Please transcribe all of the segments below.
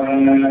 أنزل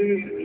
very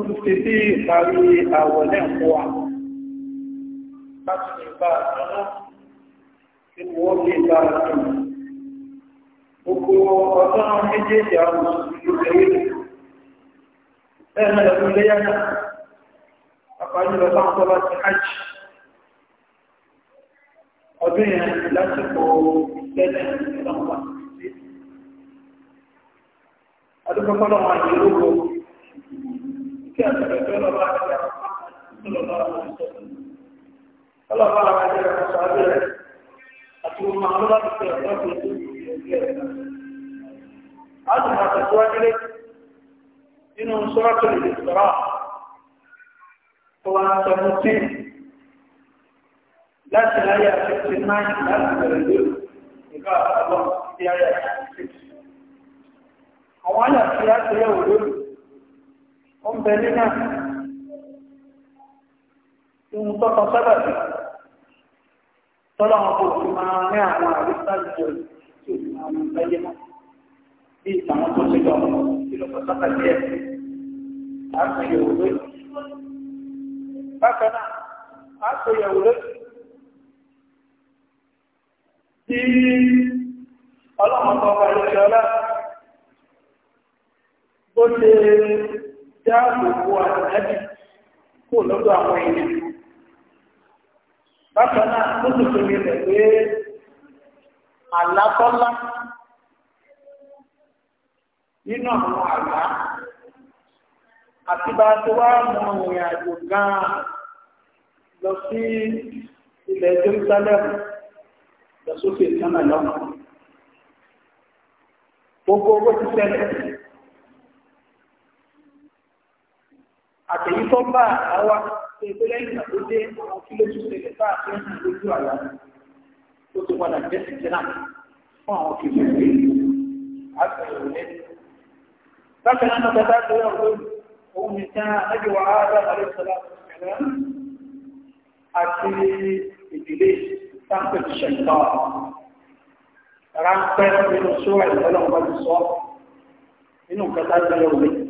tún ṣe sí ìparí àwọ̀lẹ́ ń wà láti lè bá àtọ́nà tí wọ́n lè bá àtọ́nà. Gbogbo ọjọ́ méjèèjì àwọn ìlúkẹ̀wé lẹ́nà lọ́dún léyà náà, àpájú lọ bá ń tọ́ láti كان يقول الله عليه صلى الله عليه وسلم الله تعالى عليه وصحبه أتوا معلومات في أسواق أجمع أسواق لك إنه سورة الإسراء هو أنت مسلم لا تلاقي في الماء لا تلاقي يقال الله في آية 6 أولا في آية ó ń bẹ nínà ohun tọ́kọ sábà sí tọ́lọ́wọ́n kò fi máa ní àwọn àrísà jù tí òfin àwọn ìgbáyé mọ́ bí ìtàwọn tó ti lọ ìlọ́kọ sábà díẹ̀ àṣeyẹ̀wò lóyún bákan náà àṣeyẹ̀wò ọba ìṣẹ́ ọlá bó ṣe dáàbò bo àtàlábì kò lọ́dọ̀ àwọn èèyàn. Bákan náà, ó sì tún mi rẹ̀ pé àlákọ́lá nínú àwọn àlá àti bá tó wá mọ ìrìn àjò gan lọ sí ilẹ̀ Jerusalem lọ sókè Gbogbo owó àtẹ̀yí tó bá àwa tó ìpé lẹ́yìn ìgbà tó dé àwọn kí lójú ṣẹlẹ̀ bá àti ẹ̀sìn lójú àlá tó ti padà jẹ́ sí jẹ́nà fún àwọn kìlọ̀ ìwé àgbẹ̀yẹ̀wò lẹ́nu. bákan náà lọ́dọ̀ bá tó yọ̀ òun ní tán ẹbí wa áádá àlẹ́ ìṣọ́lá àti ìdílé táǹpẹ̀ ti ṣẹ̀tọ́ ráńpẹ́ nínú sóra ìtọ́lọ́wọ́ ti sọ nínú kẹta ìtọ́lọ́wọ́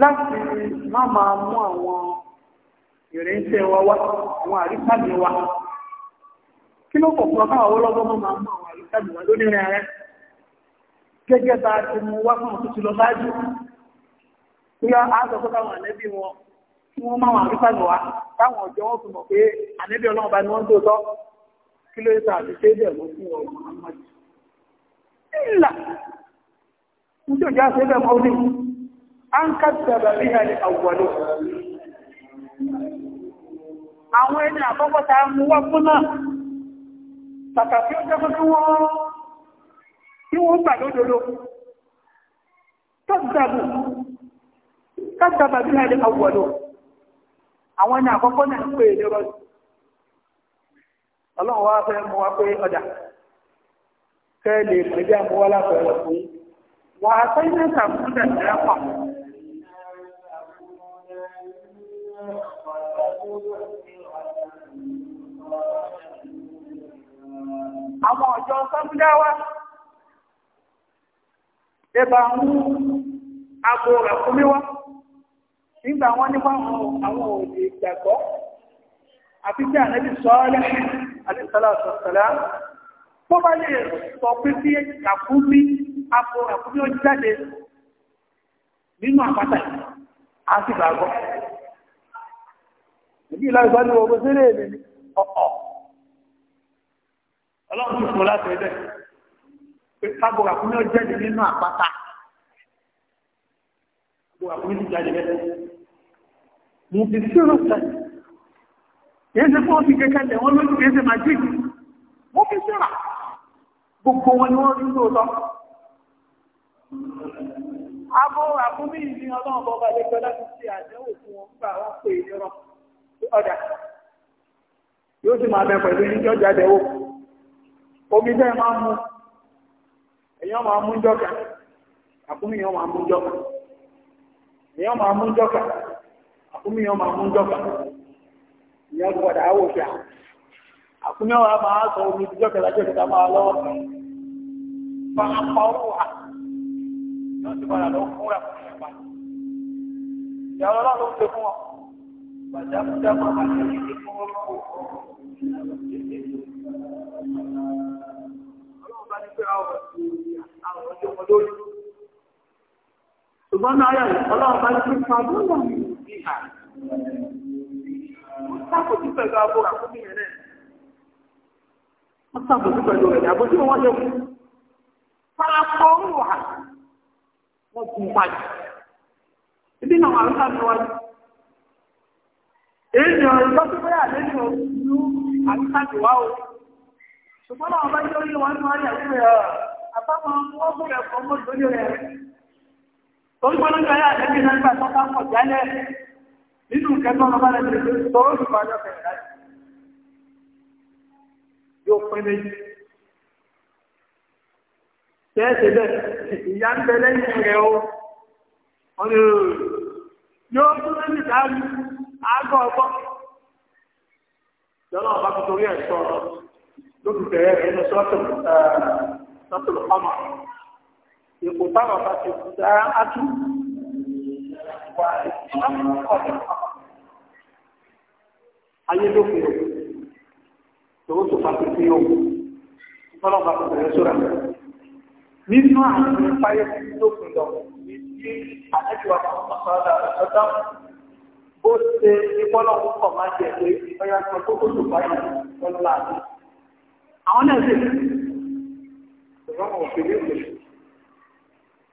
láti má máa mú àwọn ìrìnsẹ̀ wa wá àwọn àríkàbí wa kí ló pọ̀ fún àwọn ọlọ́gbọ́n máa mú àwọn àríkàbí wa lónìí rẹ̀ gẹ́gẹ́ bá ti mú wá fún òtútù lọ sáájú bóyá àásọ̀kọ́ táwọn ànẹ́bí wọn tí wọ́n máa wọn àríkàbí wa táwọn ọjọ́ wọn fi mọ̀ pé ànẹ́bí ọlọ́run bá ní wọ́n tó tọ́ kí ló yẹ àti ṣe bẹ̀ mọ́ fún ọmọ Muhammad. ìlà nítorí àṣẹ bẹ̀ mọ́ an kàtàbà bí i ẹni àwọ̀lú. Àwọn ẹni àkọ́kọ́ ta fún náà, tàkàfí ó jẹ́kọ́ tí wọ́n tí wọ́n gbà lódodo. Kàtàbà bí i ẹni àwọ̀lú. Àwọn ẹni àkọ́kọ́ náà pè ní rọ́ Ọlọ́run fẹ́ Àwọn ọjọ́ Sọ́múdáwá, ẹbà mú àpò rẹ̀ fún míwá, nígbà wọ́n ní àwọn òdì ìgbàgbọ́, àti tí ànẹ́bì sọ́ọ́lẹ̀ àdìsọ́lọ́sọ̀ sọ̀lá, tó bá lè sọ pé sí àkúbí àpò rẹ̀ fún mí ó jáde nínú àpáta àti ìgbàgbọ́ ìbí ìlàgbà ní ọgbọ́n sílẹ̀ èdè ní ọ̀ọ̀ ọlọ́run ti fún láti ẹ̀dẹ̀ pé kábọ̀rà fún yóò jẹ́dì nínú àpáta kábọ̀rà fún yóò jáde bẹ́ẹ̀ mo ti sírò sẹ́yìn kìí ṣe fún òfin kẹ́kẹ́ lẹ̀ wọ́n lójú kìí ṣe màjíìkì mo fi síra gbogbo wọn ni wọ́n rí lóòótọ́ abo àfúnmí ìdí ọlọ́run bọ́ba lẹ́gbẹ́ láti ṣe àdéhùn fún wọn gbà wọ́n pè é rọ́pù ọ̀dà yóò sì máa bẹ pẹ̀lú ní ọjà dẹ̀wò omi bẹ́ẹ̀ máa mú èyàn máa mú jọ́kà àkúmí máa mú jọ́kà èyàn máa mú jọ́kà àkúmí gbọ́dà áwò fíà máa فدمدم عليهم ربهم ṣùgbọ́n náà yà ọlọ́run bá ti fàbọ́ náà ní ìhà wọ́n sàkòjú pẹ̀lú abúrà fún mi rẹ̀ wọ́n sàkòjú pẹ̀lú rẹ̀ àbójú wọn yẹ kú farapọ̀ ń wà wọ́n kú pàdé ibi náà àrùn sáà níwájú èèyàn ìgbọ́sọ́gbẹ́ àlejò ìlú àwùjáde o ṣùgbọ́n náà bá yọ yí wọn máa yà wípé àbámọ́ wọn bú fọ́ mọ́ lórí rẹ̀ torí wọn lójú àlejò náà nígbà tó bá pọ̀ jálẹ̀ nínú kẹtọ́ ọba rẹ̀ lè lórí tọ́rọ ìgbà kẹta yóò pín méjì bẹ́ẹ̀ ìyá ń bẹ lẹ́yìn rẹ̀ o yóò tún lẹ́yìn dáa àgọ́ ọgbọ́n lọ́nà ọba tó torí ẹ̀ sọ ọ́ lókè bẹ̀rẹ̀ rẹ̀ nínú sọ́tò ọmọ èkó táwọn bá ti kú dá átú wà ìsìnkú ayé lókè tòun tó pàtó sí o lọ́nà ọba tó bẹ̀rẹ̀ sọ́ra nínú àwọn ìpáyé tó kù lọ ní ti àtẹ́jọ́ àwọn ọmọ sọ́dà ọ̀dọ́ ó ṣe ìpọ́lọ̀ púpọ̀ máa jẹ́ pé ọya sọ tó kó tó báyìí lọ́nà láàrín. Àwọn náà sì ṣùgbọ́n wọn fi ní ìpè.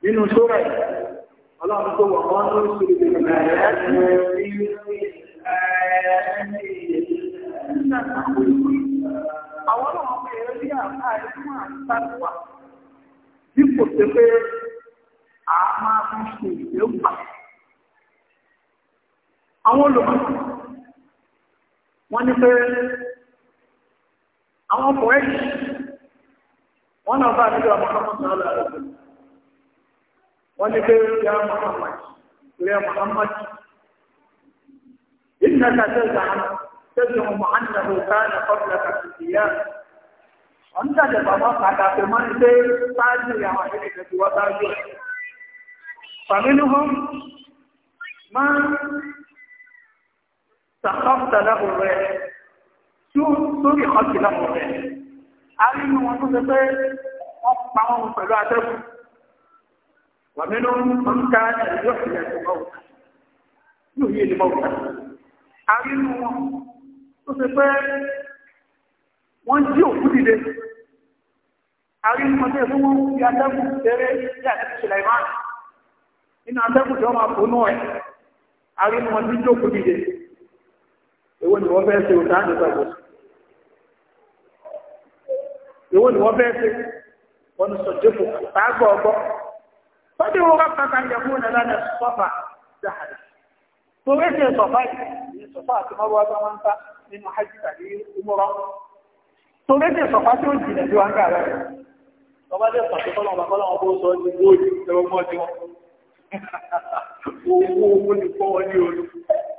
Nínú sórẹ̀, ọlọ́run tó wọ̀ wọ́n ló ṣe ìgbìmọ̀ ẹ̀rẹ́ ní àwọn ọmọ ẹ̀rẹ́ bí àkáàrí fún àtàkùwà. Bí kò ṣe pé a máa fi ṣe ìgbéwà àwọn olùmọ̀ wọ́n ní pé àwọn ọkùnrin wọ́n náà bá nílò Muhammad wọ́n ní pé ya Muhammad rẹ̀ Muhammad inna ka tẹ́jà tẹ́jà ọmọ annahu kana qabla ka tìyà wọ́n ń tàjẹ̀ bàbá pàtàkì máa ń gbé sáájú àwọn ìrìnlẹ̀ tí wọ́n sáájú rẹ̀ fàmílùhùn máa sàkọ́fùtà lẹ́kùn rẹ̀ sórí ọ̀kì lẹ́kùn rẹ̀ a rí inú wọn tó ṣe pé wọ́n pa wọn pẹ̀lú atẹ́kùn wà nínú ọ̀nkà ìjọ ìlẹ̀ tó bá wùkà yóò yé ni bá wùkà a rí inú wọn tó ṣe pé wọ́n jí òkú dìde a rí inú wọn tó ṣe pé wọ́n fi atẹ́kùn tẹ́rẹ́ sí àtẹ́kùn ṣẹlẹ̀ ìmáà nínú atẹ́kùn tí wọ́n máa fò náà ẹ̀ a rí inú wọn tó jí òkú dìde èwo ni wọ́n fẹ́ ṣe òtá àdìsọ̀bọ̀ èwo ni wọ́n fẹ́ ṣe wọ́n sọ jẹ́fù ọgbọ́ fọ́dí wọn wọ́n kàkà yẹ̀kú nàlá nà sọ́fà dáhàrí tó wé ṣe sọ́fà yìí sọ́fà àti mọ́wọ́ tó wọ́n ta nínú hajj tàbí umura tó wé ṣe sọ́fà tí ó jìnà ju wọn gàrẹ́ rẹ̀ ọba dé sọ́fà tó lọ́wọ́ kọ́lọ́ bó sọ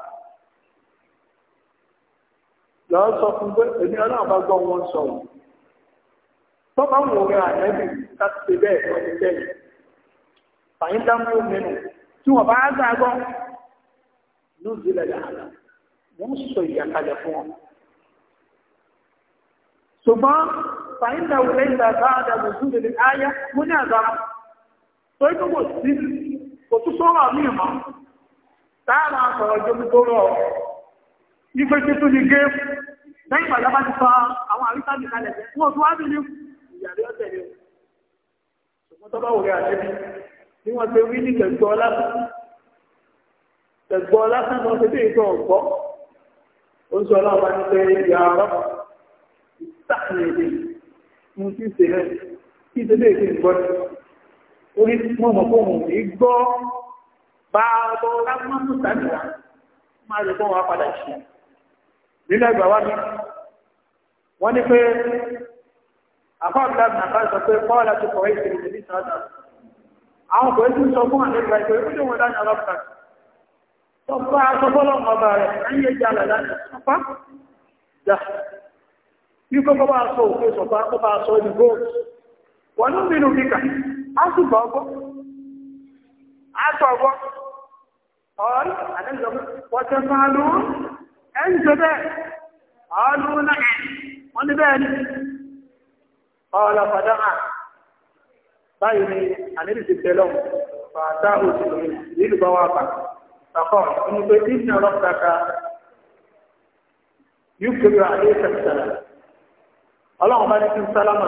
lọ́ọ́ sọ fún pé èmi ọlọ́run bá gbọ́ wọn sọ̀rọ̀ tó bá wò rẹ ànẹ́bì láti ṣe bẹ́ẹ̀ lọ sí bẹ́ẹ̀ fàyín dámú mẹ́nu tí wọ́n bá gbàgbọ́ ló zilẹ̀ làálà wọ́n sọ ìyàkalẹ̀ fún wọn. ṣùgbọ́n fàyín dáwò lẹ́yìn bàbá àdàbò zúlẹ̀ ní ayá mo ní àgbà tó ń gbogbo sí kò tún sọ́rọ̀ mí mọ́ táàrà sọ̀rọ̀ jókòó rọ̀ ife títú ni gé lẹ́yìn ìgbàjá bá ti fa àwọn àríkàbì kalẹ̀ wọ́n tó wá bí ní ìyàrí ọ̀tẹ̀ ni ṣùgbọ́n tó bá wòrí àṣẹ bí wọ́n ṣe rí ní tẹ̀gbọ́ lásán tẹ̀gbọ́ lásán lọ sí ìtọ́ ọ̀gbọ́ ó ń sọ ọlọ́ọ̀bá ní pé ìyá ọ̀rọ̀ ìtàkùn èdè mú sí ìṣẹ̀lẹ̀ nínú ẹgbà wá ní wọ́n ní pé àfáàbíláàbí nàbá sọ pé pọ́ọ̀lá ti kọ̀wé ìṣẹ̀lẹ̀ ní sáàdà àwọn kò tí ń sọ fún àlẹ́gbà ìpò ìpínlẹ̀ wọn láti alápùtà tó bá aṣọ bọ́lọ̀ ọba rẹ̀ ẹ̀yẹ jẹ́ àlàlá ní sọpá jà bí kọ́kọ́ bá sọ òkú sọpá kọ́ bá sọ ní gold wọ́n ní mílù kíkà á sì bọ̀ ọgbọ́ á sọ ọgbọ́ ọ̀rọ̀ àdẹ́gbẹ̀wọ́ ẹ̀ ń ṣe bẹ́ẹ̀ ọlú náà wọ́n ní bẹ́ẹ̀ ni ọlọ́pàá báyìí ni àníbi ti tẹ́lọ̀ fàtà òṣèlú ìlú bá wà bà sàkọ́ inú pé tí ìsìn ọlọ́pàá kàkà yóò kéré àdé ìṣẹ̀kẹ̀sẹ̀lẹ̀ ọlọ́run bá ní kí n sálámà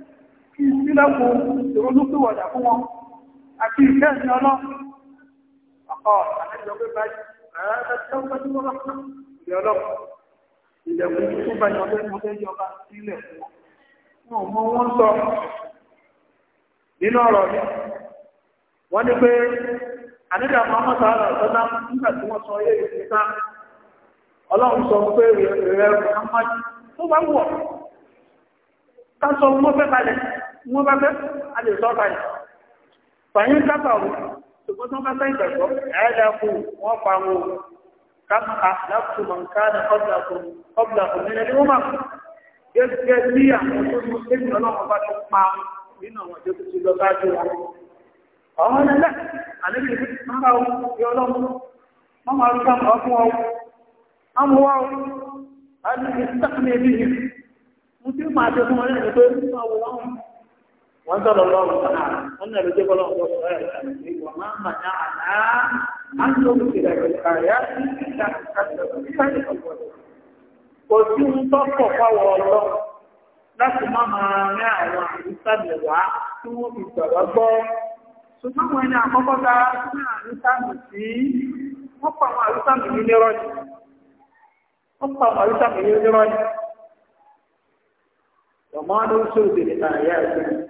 ìsílẹ̀kù ìrúnúkúwọ̀dà fún wọn àti ìfẹ́ ìsìn ọlọ́ ọkọ̀ àtẹ́jọpé báyìí ààrẹ tẹ́wọ́ tí wọ́n rọ́pọ̀ wọ́n bá fẹ́ a lè sọ ọ́ta yìí fàyín kápá o ṣùgbọ́n tó bá fẹ́ ìgbàgbọ́ ẹ̀ẹ́dà kù wọ́n pa wọn o kápá láti mọ̀ nǹkan ní ọ̀dà kù ọ̀dà kù nínú ẹni wọ́n máa kù gẹ́gẹ́ bí àwọn tó mú ẹni ọlọ́run bá tó pa nínú àwọn tó ti lọ máa wọ fún ọ amúwá o fún ọ lẹ́yìn wọ́n sọ̀rọ̀ lọ́wọ́ sọ̀rọ̀ wọ́n nà ló dé bọ́lá ọ̀dọ́ sọ̀rọ̀ ẹ̀ sàmì wọ́n máa mà ní ọrụ ọrụ ń láti máa àwọn wá tí wọ́n fi gbọ́ ṣùgbọ́n wọn ni àkọ́kọ́ ní sí wọ́n pa àwọn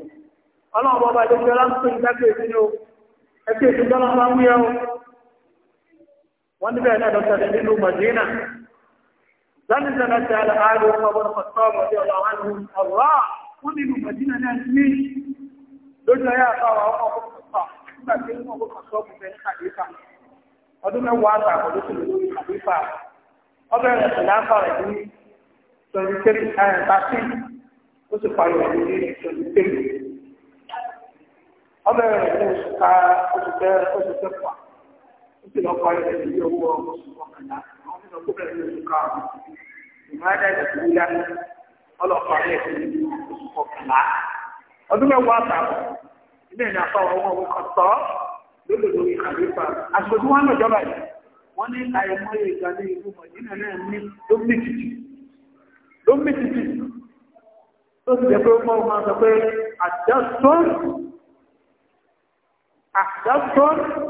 ọlọ́run ọba jẹ́jọ́ láńpẹ́ ìdákẹ́ẹ̀sí ni ó ẹgbẹ́ ìdúgbọ́n máa ń wíyá ó wọ́n níbẹ̀ náà lọ́sọ̀rọ̀ nínú mọ̀dínà zanzana ti al'adu ọmọbọ̀n pàtàkì ọjọ́ ọlọ́run ọ̀rọ̀ wọ́n nínú ọmọ rẹ̀ ní oṣù ká oṣù tẹ oṣù tẹ fà ó sì lọ parí rẹ̀ ní owó oṣù kọkànlá àwọn nínú ọkọ bẹ̀rẹ̀ ní oṣù ká ìmọ̀lẹ́dá ìdàgbé yá ọlọ́pàá rẹ̀ ní oṣù kọkànlá ọdún mẹ́wàá àtàwọn ilé ìdá fáwọn ọmọ òun kan tọ́ lórí lórí àlùfà àṣojú wọn lọ jọba yìí wọn ní àìmọye ìgbà ní ìlú mọ̀jìnà náà ní ló أحببتم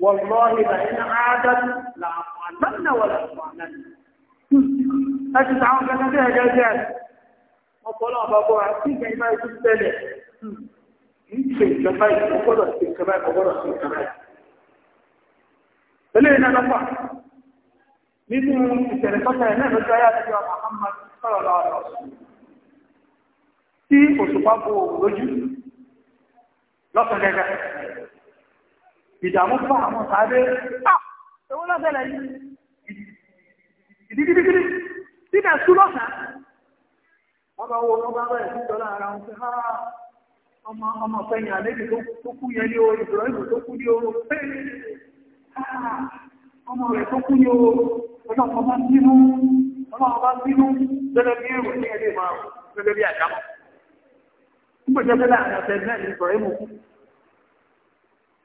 والله لئن عادت لأطعنن ولا أطعنن أجل تعاون كان فيها جاجات وقالوا بابو عسيك إما يكون تلع يمكن كمائي وقدر في كمائي وقدر في كمائي فلينا نفع nínú ìṣẹ̀lẹ̀kọ́sẹ̀ náà lọ́jọ́ ayá àti ọmọ Muhammad sọ́rọ̀ lọ́wọ́ lọ́wọ́ sí òṣùpá lọ́sàn gẹ́gẹ́ fún àwọn sáré ẹwọ́n ah! lọ́sẹ̀lẹ̀ yìí ìdígídígídí títẹ̀ sú lọ́sàn wọ́n bá ọmọ bá rẹ̀ síjọ́ lára wọn pé ah! ọmọ ọmọ o ìbùrọ̀ ìbù tó kú o pé ah! ọmọ rẹ̀ tó kú ní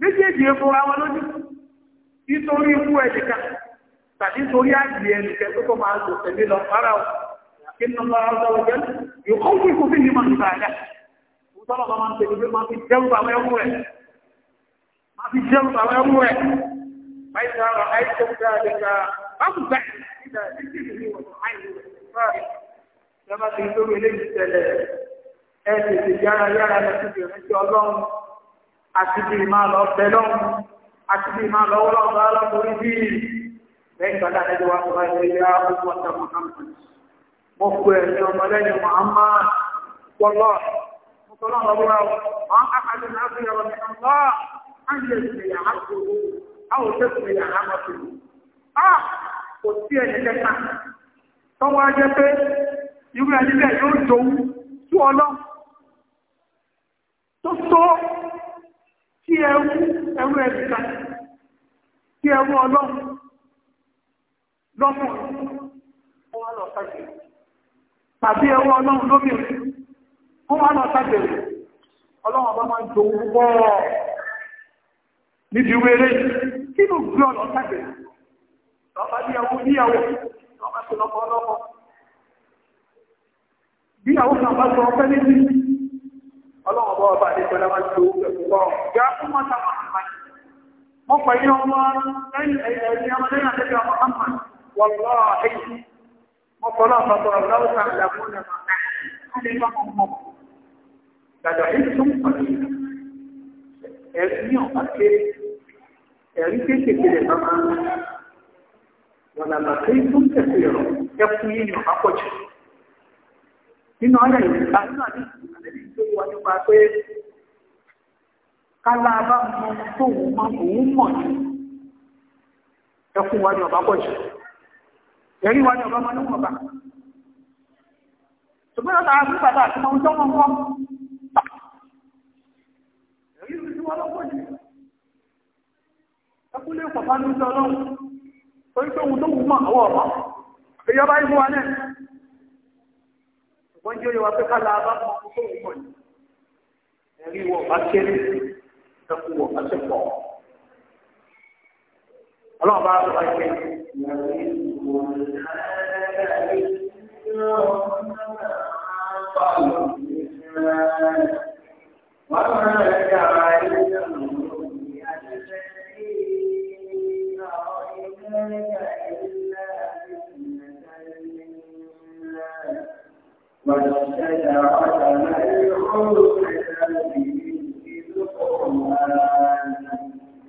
méjèèjì fúnra wọn lójú nítorí ikú ẹnìkan tàbí torí àgbè ẹnìkan tó kọ́ máa lò tẹ̀lé lọ fara o kí nínú ọmọ ọjọ́ ọjọ́ yóò kọ́ fún ikú fíìmù máa ń gbà dá ìtọ́lọ̀ máa ń tẹ̀lé pé máa fi jẹ́rù àwọn ẹrú rẹ̀ máa fi jẹ́rù àwọn ẹrú rẹ̀ máa ṣe àwọn àìsàn dáadáa bá kù bá ìdá ìdíjì ní ìwọ̀n àìsàn rẹ̀ lọ́ba ti ń lórí eléyìí tẹ̀lé ẹ̀ tètè yára yára lọ sí ìrìnàjò ọlọ́run àti bí máa lọ bẹ̀lọ́ àti bí máa lọ wọ́lọ́ bá lọ́kùnrí bí i lẹ́yìn bàtà lẹ́jọ́ wa sọ́rọ̀ ilé ya ọmọ ọ̀tà Muhammad mo kú ẹ̀ ní ọmọ lẹ́yìn Muhammad pọ̀lọ́ mo tọ́lọ́ lọ́wọ́ra wọn àkàdé náà fi ọ̀rọ̀ mi jòun tú ọlọ́ tó tó kí ẹwú ẹwú ẹ̀ríkà kí ẹwú ọlọ́run lọ́mọ ó wá lọ sáàjẹ̀ tàbí ẹwú ọlọ́run lóbìnrin ó wá lọ sáàjẹ̀ ọlọ́run ọba máa ń jò wọ́ níbi wéré kí ló gbé ọ̀nà sáàjẹ̀ lọ́ba ní ẹwú níyàwó lọ́ba tó lọ́kọ́ lọ́kọ́ bí àwọn kan ọlọ́wọ́n bọ́ ọba àdéjọ́ lọ́wọ́ tó ẹ̀kọ́ yá fún wọn sábà àmàlì mo pè ní ọmọ ẹni ẹni ọmọ lẹ́yìn àtẹ́jọ́ ọmọ àmà wọ́n lọ́ ẹ̀yìn mo pọ̀ lọ́ ọ̀pọ̀ ọ̀rọ̀ lọ́wọ́ sáà làwọn ọ̀nà màkà ní ẹgbẹ́ ọmọ dàdà èyí tó ń pàdé ẹ̀rí ní ọ̀pá kéré ẹ̀rí kéékèèké rẹ̀ bá máa ń wọ́n làbà kéé tó ń tẹ̀sí rọ̀ ẹkùn yìí ní ọ̀pá pọ̀ jù nínú ọ̀rẹ́ ìgbà nínú àdéhùn nípa pé kálá bá mọ tóun mọ òun mọ̀ ní ẹkùn wa ni ọba pọ̀ jù ẹ̀rí wa ni ọba mọ níwọ̀n bá ṣùgbọ́n ọ̀tà àti bàbá àti ọmọ ọjọ́ wọn kọ́ ẹ̀rí ìlú wọn lọ́pọ̀ jù ẹkùn lè pọ̀ bá ìjọ ọlọ́run torí pé òun tó wù mọ̀ àwọ̀ ọ̀mọ́ ẹ̀rí wọ̀ bá kéré ẹ̀kú wọ̀ bá ti pọ̀. ọlọ́run bá wà ṣe wọ́n máa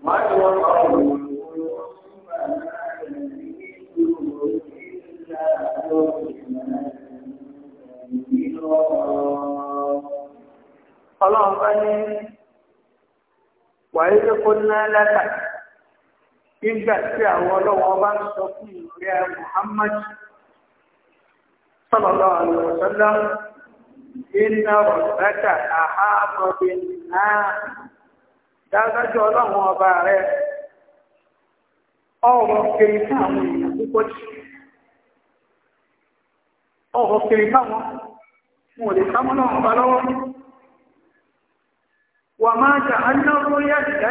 Ọlọ́run bá ní wàyé tó kó ná lẹ́tà nígbà tí àwọn ọlọ́wọ́ bá ń sọ fún ìrẹ́ Muhammad sallallahu alaihi iná rọ̀ lẹ́tà àhábọ̀bìn náà dáadájú ọlọ́run ọba rẹ ọ̀rọ̀ kiri fún èèyàn púpọ̀ jù ọ̀rọ̀ kiri fáwọn mo lè sámọ́ ọba lọ́wọ́ wà máa jà á ya fún yàtìdá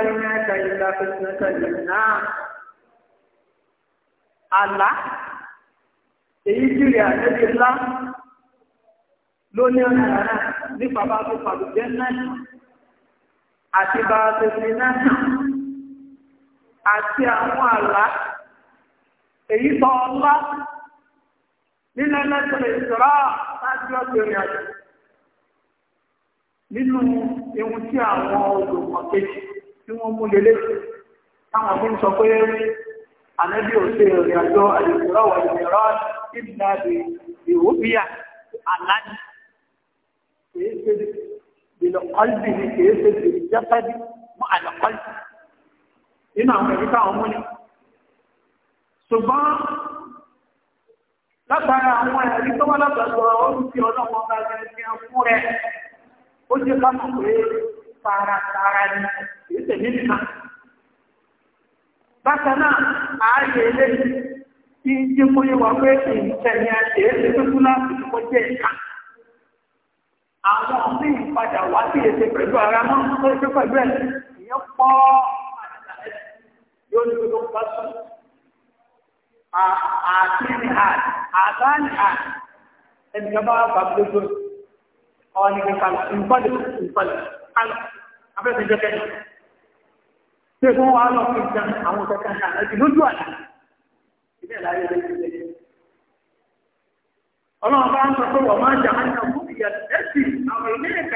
ẹni ẹ̀ka ìlà fẹsẹ̀kẹ̀ yìí àlá èyí tí rẹ̀ àjẹ́bí ńlá ló ọ̀nà rẹ̀ nípa bá àti bàbá tètè náà àti àwọn àlá èyí tọ́ ọlá nínú ẹlẹ́tẹ̀lẹ̀ ìṣọ́rá láti ọ̀tẹ̀ ìrìn àjò nínú ewu tí àwọn olùkọ́ kejì tí wọ́n mú lélẹ̀ táwọn ọmọ sọ pé ànẹ́bí òṣè ìrìn àjò àyẹ̀kọ́rọ̀ wà ìrìnrọ̀ ìdínàdì ìwòbíyà àlá ìlọ kọ́lbì ni kìí ṣe fèrè jẹ́fẹ́dì mọ́ àlọ́ kọ́lbì nínú àwọn ẹ̀rí táwọn mú ni. ṣùgbọ́n látara àwọn ẹ̀rí tó wá látọ̀dọ̀ orúkí ọlọ́wọ́ bá jẹ́ ti ń fún rẹ̀ ó jẹ́ ká mọ̀ pé taratara ni kìí ṣe ní nìkan. bákan náà ààyè eléyìí kí ń jẹ́ pé ìṣẹ̀yìn àti èéṣe tó kú láti kọjá ìka àwọn ọ̀sìn ìpadà wá sí èsè pẹ̀lú ara mọ́ tó ṣe pẹ̀lú ẹ̀ ìyẹn pọ́ yóò ní gbogbo bá sùn àtìní àt àtàní àt ẹnìkan bá bá gbogbo ọ̀rọ̀ ní kíkà ìpàdé ìpàdé àlọ́ afẹ́fẹ́ jẹ́kẹ́ ṣé fún wa lọ fi jẹun àwọn kẹkẹ náà ẹ̀jì lójú àlá ìbẹ̀rẹ̀ ayé rẹ̀ ti ọlọ́run bá ń sọ pé wọ́n máa ń jà á ń jà fún. يتأتي أغنيك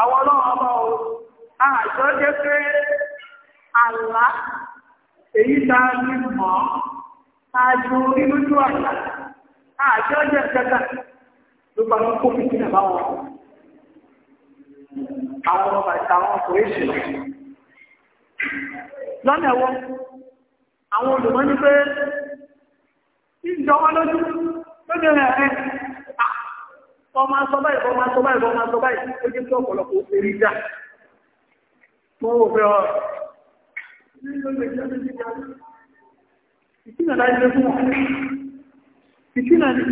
Àwọn ọlọ́run ọmọ o, àjọ jẹ́ pé àlá èyí ta ní mọ́, àjò orílójú àlá, àjọ jẹ́ ló bá kó fi àwọn ọmọ àwọn wọn lójú lójú rẹ̀ ẹ̀ ọmọ asọ báyìí ọmọ asọ báyìí ọmọ asọ báyìí ó ọ̀pọ̀lọpọ̀ òfin já tó wò fẹ́ ọ ìtìnà láì lé fún wọn ìtìnà ni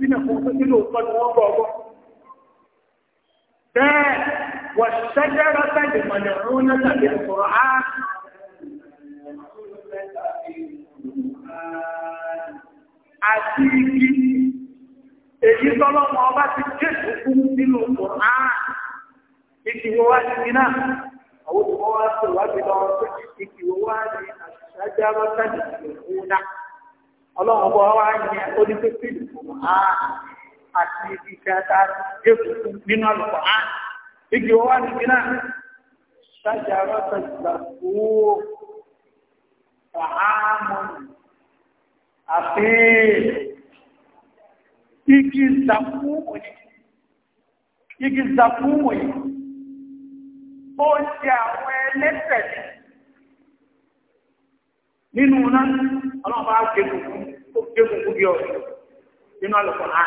fún ọkọ̀ tí lóòótọ́ ni wọ́n gbọ́ ọgbọ́n bẹ́ẹ̀ wọ́n ṣẹ́jẹ́rọ tẹ̀lé mọ̀lẹ́ èyí tọ́lọ́mọ ọba ti jésù fún nínú Kùrán. Ìkìwọ́ wá sí iná. Àwọn wá lọ wá ní Ọlọ́run wá ní àti ibi kẹta èkó nínú àlùkò á igi wọ́n wá níbi náà sájà rọ́tà ìgbà owó fàámọ́nù àfi igi ìzàkúwò ni igi ìzàkúwò yìí ó ṣe àwọn ẹlẹ́sẹ̀ nínú náà ọlọ́pàá gbẹ̀gbùn tó gbẹ̀gbùn bí ọ̀rọ̀ nínú àlùkò náà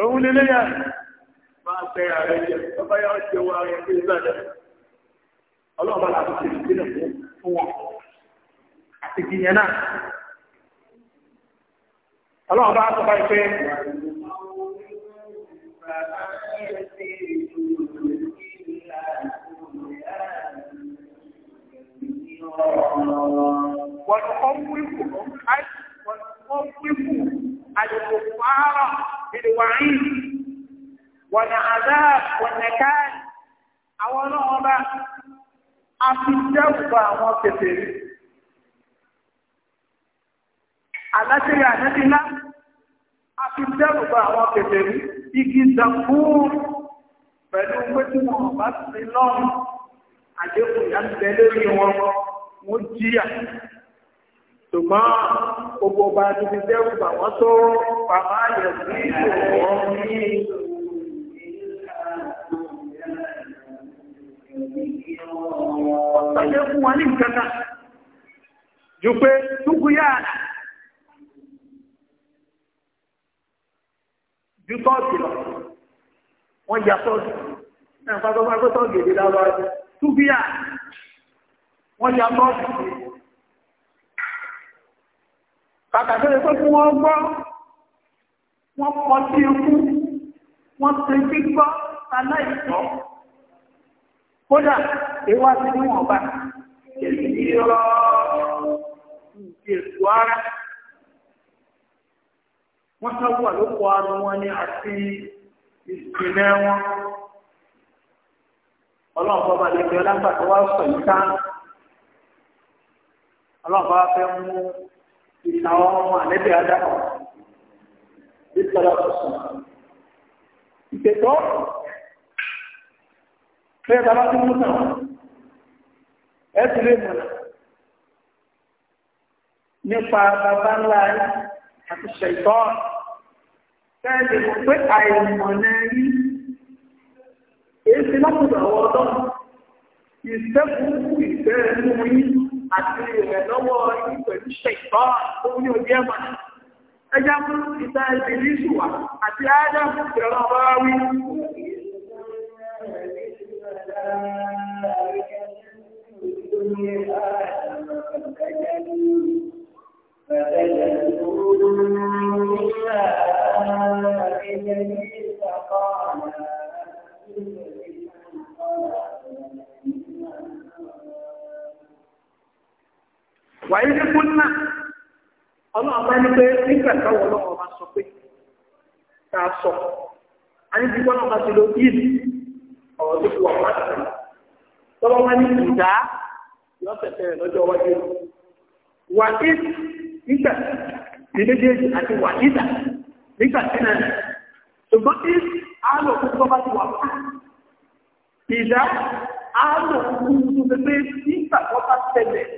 òun lè léyà máa tẹ ààrẹ jẹ ọba yà ọ jẹ wa rẹ pé ìgbàdẹ ọlọ́ọ̀bá làwọn ti fún wọn wọ́n kọ́ wíwù wọ́n الكفار بالوعيد والعذاب والنكال àwọn ọba afidẹ́gbà àwọn kèfèrí aláṣẹ́yà àdẹ́bílá afidẹ́gbà àwọn kèfèrí igi dàkúrú pẹ̀lú pé tí wọn bá sí lọ́rùn àdékù ìyá ń bẹ lórí wọn wọ́n jíyà ṣùgbọ́n gbogbo ọba tó fi dẹ́rù bà wọ́n tó bàbá yẹ̀ sí ìṣòro ní ọ̀pẹ́lẹ́ fún wọn ní ìkẹta jù pé túkúyà jù tọ́ọ̀tì lọ wọ́n ya tọ́ọ̀tì náà pàtàkì tọ́ọ̀gì ìdíláwà túkúyà wọ́n ya tọ́ọ̀tì kàkà tó lè pé kí wọ́n gbọ́ wọ́n pọ̀ sí ikú wọ́n ti gbígbọ́ aláìsọ́ kódà ìwà tí níwọ̀n bá èyí rọ ètò ara àlòpọ̀ ara wọn ni àti ìsìnlẹ̀ wọn ọlọ́run bọ́ba lè fi wá sọ ìtàn àwọn ọmọ àlẹ́bẹ̀ adáhọ̀ ní sọ́lá ọ̀sán. Ìtẹ̀tọ́ fẹ́ bàbá tó mú náà ẹ ti lè mọ̀ nípa bàbá ńlá àti ṣẹ̀tọ́ fẹ́ẹ̀lì mọ̀ pé àìmọ̀ náà rí lọ́pùdọ̀ ọ̀wọ́ ọdọ́ ìfẹ́ fún yìí àti ìrẹ̀lọ́wọ́ yín pẹ̀lú ṣẹ̀tọ́ tó ní ojú ẹ̀mọ̀. Ẹja fún ìta ìbílísù wa àti Ádá fún ìrọ̀lọ́ bá wí. Thank you. wàyí ní fún náà ọlọ́run bá ní pé nígbà táwọn ọlọ́run bá sọ pé tá a sọ a ní bí gbọ́dọ̀ bá ti lo ìlú ọ̀rọ̀ tó fi wà wá sí tọ́wọ́ wá ní ìdá yọ tẹ̀tẹ̀ rẹ̀ lọ́jọ́ wájú wà ní nígbà tí méjèèjì àti wà nígbà nígbà tí náà ṣùgbọ́n tí àlọ́ òkú bá ti wà wá ìdá àlọ́ òkú tó fẹ́ pé nígbà tó bá tẹ̀lẹ̀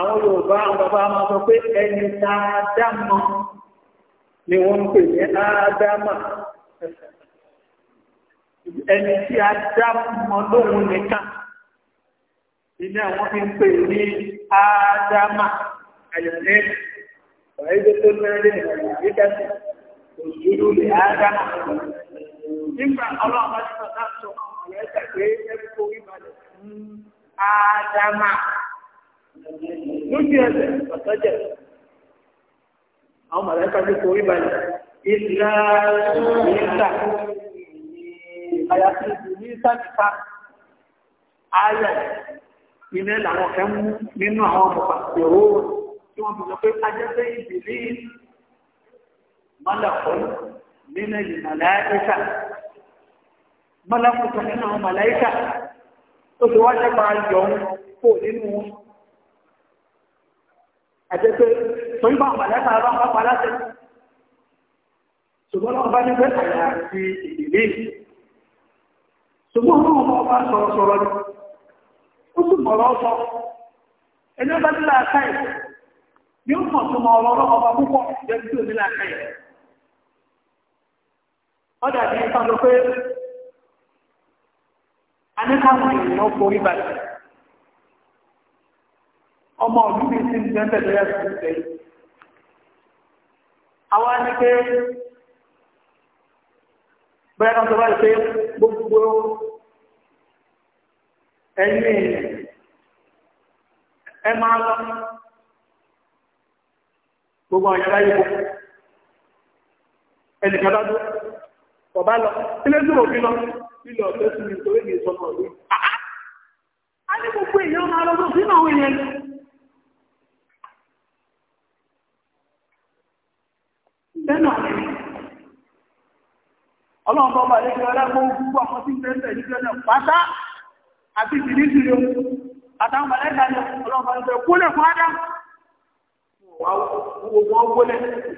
àwọn yorùbá bàbá máa sọ pé ẹni dáadáma ni wọ́n ń pè ní ádámà ẹni tí a dámọ lóhun nìkan ilé àwọn fi ń pè ní ádámà àyẹ̀lẹ́ ọ̀rẹ́dẹ́ tó lẹ́rẹ́ ìgbàlódé òṣèlú lè ádámà nígbà ọlọ́run bá ti sọ láti sọ ọ̀rẹ́dẹ́ pé ẹni lójú ẹsẹ̀ ọ̀tọ́jẹ̀ àwọn mọ̀lẹ́ka ti forí balẹ̀ ìsìlá ìsà àyàfi ìsìlí sáàkìta ayẹ̀ ilẹ̀ làwọn kan mú nínú àwọn ọmọ pàṣẹwó tí wọ́n bìnà pé ajẹ́fẹ́ ìbìlí mọ́lẹ̀kọ́ nínú ìmọ̀láyíkà mọ́lẹ̀kùtà nínú àwọn mọ̀láyíkà tó fi wá jẹ́ pa àti pé torí bá pàdásà bá bá pàdásà ṣùgbọ́n ọba ní pé àyà àti ìdílé ṣùgbọ́n ọmọ ọba sọ̀rọ̀ sọ̀rọ̀ ní ó sì mọ̀rọ̀ ọ̀sọ̀ ẹni ọba nílà àkáì yóò mọ̀ tó mọ̀ ọ̀rọ̀ ọba púpọ̀ jẹ́ ọmọ òjúbí sí ní ẹgbẹ̀rẹ̀ lẹ́sùn ìfẹ́ yìí. Àwọn ẹni pé bẹ́ẹ̀ náà tó bá ṣe gbogbo ẹni ẹ máa lọ gbogbo ọ̀yàn láyé kó ẹnì kan dájú ọba lọ ilé tí òfin lọ nílò ọ̀fẹ́ sí ní ìtòwé ní ìsọmọ ọ̀dún. a ní gbogbo èèyàn máa lọ sófin àwọn èèyàn lẹ́nu àlẹ́ ọlọ́run bọ́ bá lẹ́gbẹ̀ẹ́ ọlọ́gbọ́ gbogbo àwọn tí ń tẹ́lẹ̀ nígbẹ́ náà pátá àti ìdílé ìdílé àtàwọn mọ̀lẹ́gbà ni ọlọ́run bá lẹ́gbẹ̀ẹ́ kúlẹ̀ fún ádá wọ́n wọlé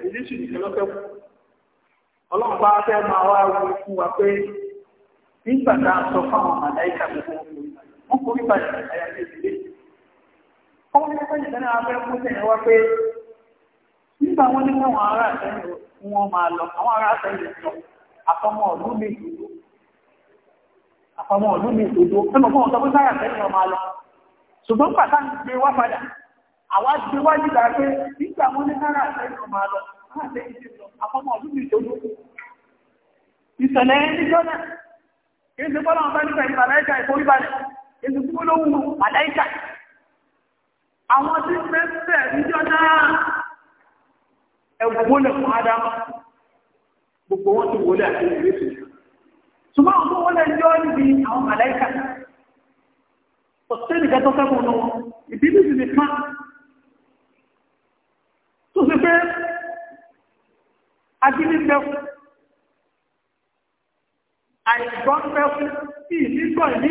ìdílé ìdílé lọ́fẹ́ fún ọlọ́run bá fẹ́ máa wá wí fún wa pé nígbà tá a sọ fáwọn màláìka gbogbo wọn kò rí balẹ̀ àyàfi ìdílé ọmọ nígbà wọn ní káwọn ará àtẹ̀yìn wọn máa lọ àwọn ará àtẹ̀yìn lọ àfọmọ ọdún mi ìdòdó àfọmọ ọdún mi ìdòdó ẹnu fún ọ̀sán pé sáyà àtẹ̀yìn ọmọ lọ ṣùgbọ́n pàtà ń gbé wá padà àwa gbé wá nígbà pé nígbà wọn ní káwọn àtẹ̀yìn ọmọ lọ àfọmọ ọdún mi ìdòdó ìṣẹ̀lẹ̀ ẹni jọ́nà kéèsì bọ́lá wọn bá nípa ìbàláìkà ìforíbalẹ̀ kéèsì kúrò lóhùn màláìkà àwọn tí fẹ́ ẹ fún ádámà gbogbo wọn ti wọlé àti ìwé tó yẹ ṣùgbọ́n àwọn tó wọlé ń jọ níbi àwọn màláìkà ọ̀sẹ̀ nìkan tó fẹ́kùn lọ ìbílẹ̀ sì nìkan tó ṣe pé agídí bẹ́kù àìgbọ́n bẹ́kù tí ìdígbọ́ ń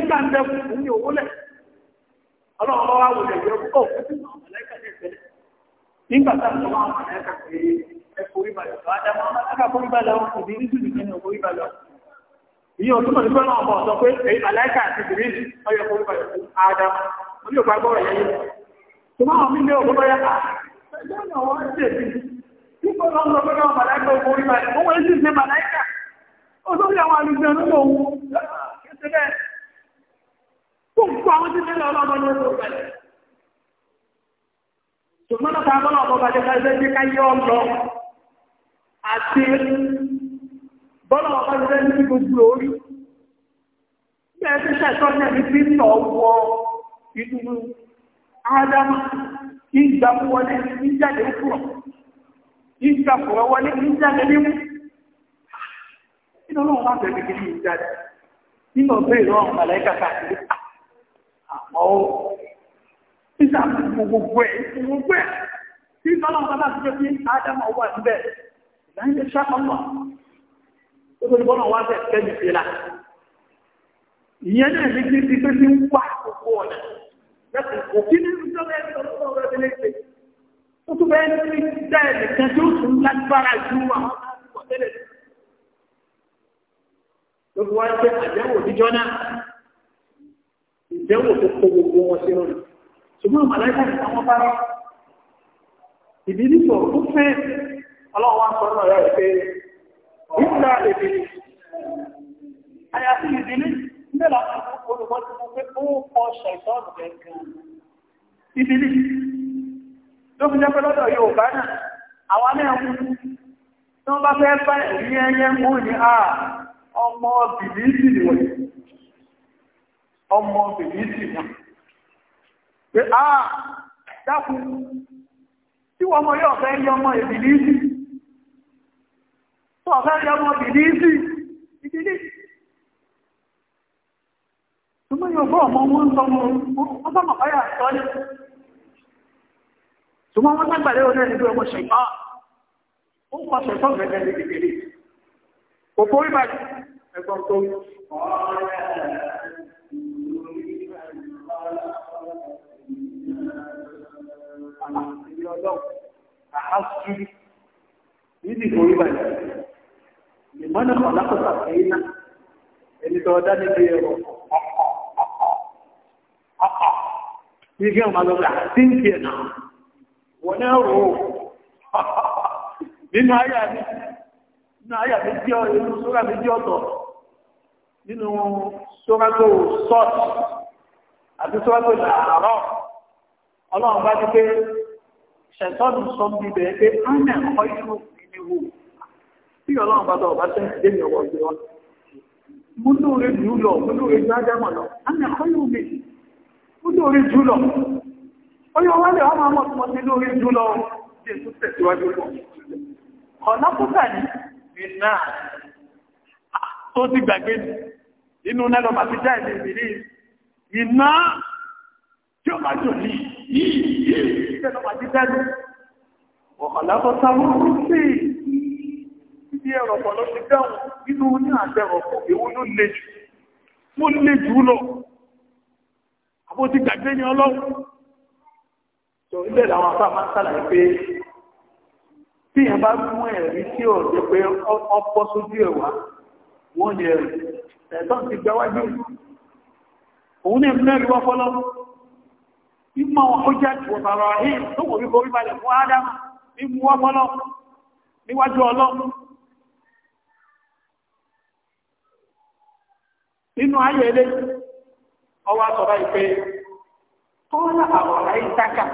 fún ní ọlọ́run nígbà táwọn ọmọ àwọn ẹ̀ka pé ẹ forí balẹ̀ ọ̀ ádámọ́ ẹ̀ka forí balẹ̀ ọ̀ ìdí nítorí nìkan ní forí balẹ̀ ọ̀ ìyẹn ò túnmọ̀ nípa náà ọmọ ọ̀sọ́ pé èyí àláìka àti ìbìrì ọyọ forí balẹ̀ ọ̀ ádámọ́ wọn yóò gbàgbọ́ rẹ̀ yẹn yẹn tó máa wọn nílé òkú bọ́yá ẹgbẹ́ ọ̀nà wọn ṣùgbọ́n náà tàbí ọlọ́pọ̀ bá jẹ́ káyọ́ jẹ́ káyọ́ ọlọ àti bọ́lọ̀ ọ̀pá jẹ́ ní gbogbo orí bẹ́ẹ̀ tí ṣẹ̀tọ́ ní ẹni tí tọ̀ wọ inú ádámù ìgbàmúwọlé níjáde fúrọ̀ ìgbàmúwọlé níjáde nímú inú ọlọ́run wá bẹ̀rẹ̀ kìí jáde nínú ọ̀bẹ́ ìrọ̀rùn àlẹ́ kàkàkiri àmọ́ títà gbogbo ẹ̀ gbogbo ẹ̀ tí tọ́lá ọ̀pá láti jẹ́ bí ádámà wà níbẹ̀ láyé ṣàkọ́mọ̀ tó tó gbọ́nà wá bẹ̀ kẹ́jì sí la ìyẹn náà ní kí ti pé sí ń wà gbogbo ọ̀nà lẹ́kùn kò kí ní ìjọ bẹ́ẹ̀ tó tó tó rẹ̀ ó tún bẹ́ẹ̀ ní dá ẹ̀ ṣùgbọ́n màláìkà ní àwọn bá rọ́ ìbílípọ̀ tó fẹ́ ọlọ́wọ́ sọ́nà rẹ̀ pé ìgbà ìbílí àyàfi ìbílí nílà olùgbọ́n ti fún pé ó kọ ṣẹ̀tọ́nù gẹ̀gẹ̀ ìbílí tó fi jẹ́ pé lọ́dọ̀ yóò bá náà àwọn alẹ́ ọmọ tí wọ́n bá fẹ́ bá ẹ̀rí ẹyẹ mú ní à ọmọ bìbí sì wọ̀nyí ọmọ bìbí pé a ah, dákun tí wọ́n mọ̀ yóò fẹ́ yọ ọmọ ìbìlísì tó ọ̀fẹ́ yọ ọmọ ìbìlísì ìbìlísì tó mọ́ yóò bọ́ ọmọ wọn sọmọ wọn sọmọ báyà sọ́lẹ̀ tó mọ́ wọn lágbàlẹ́ oní ẹni tó ọmọ ṣẹ̀pá ó ọ̀nà ìlú ọlọ́run níbi ìforí balẹ̀ ìmọ̀nà ẹ̀yìn náà ẹni tó ọdá níbi ẹ̀rọ ọkọ̀ ọkọ̀ ọkọ̀ ní kí ọmọ lọ́gbà tí ń kí ṣẹ̀tọ́nù sọ bíbẹ̀ pé ánà ẹ̀kọ́ inú ìníwò tí ọlọ́run bá tọ̀ bá tẹ́ ìdé mi ọwọ́ ìgbé wa múlò rẹ̀ jù lọ múlò rẹ̀ jù ádámọ̀ lọ ánà ẹ̀kọ́ inú mi múlò rẹ̀ jù lọ ọyọ wálé ọmọ ọmọ tí lórí jù jẹ́ tó tẹ̀síwájú fún ọ̀nà púpà ní ìná tó ti gbàgbé inú nẹ́lọ́mà ti já ìlú ìbílí iná tí ó bá jò ní yìí yìí ìjẹ́lọ́pàá ti dẹ́nu ọ̀kànlá tó sáwọn orílẹ̀ ìdí ẹ̀rọ̀pọ̀ lọ ti dáhùn nínú ní àtẹ̀rọ̀pọ̀ ewu ló le jù mo le jù lọ àbó ti gbàgbé ní ọlọ́run tó ilé làwọn afá máa ń sàlàyé pé tí èèyàn bá mú ẹ̀rí tí ò jẹ́ pé ọ bọ́ sójú ẹ̀ wá wọ́n yẹ ẹ̀tọ́ ti gbáwájú òun ìmọ̀ ọjọ́ ìwọ̀tàrọ̀ ahìm tó wò wípé orí balẹ̀ fún adam ní mú níwájú ọlọ́ nínú ayé ilé ọwọ́ àtọ̀rọ̀ ìpé tó ń àwọn ọ̀rọ̀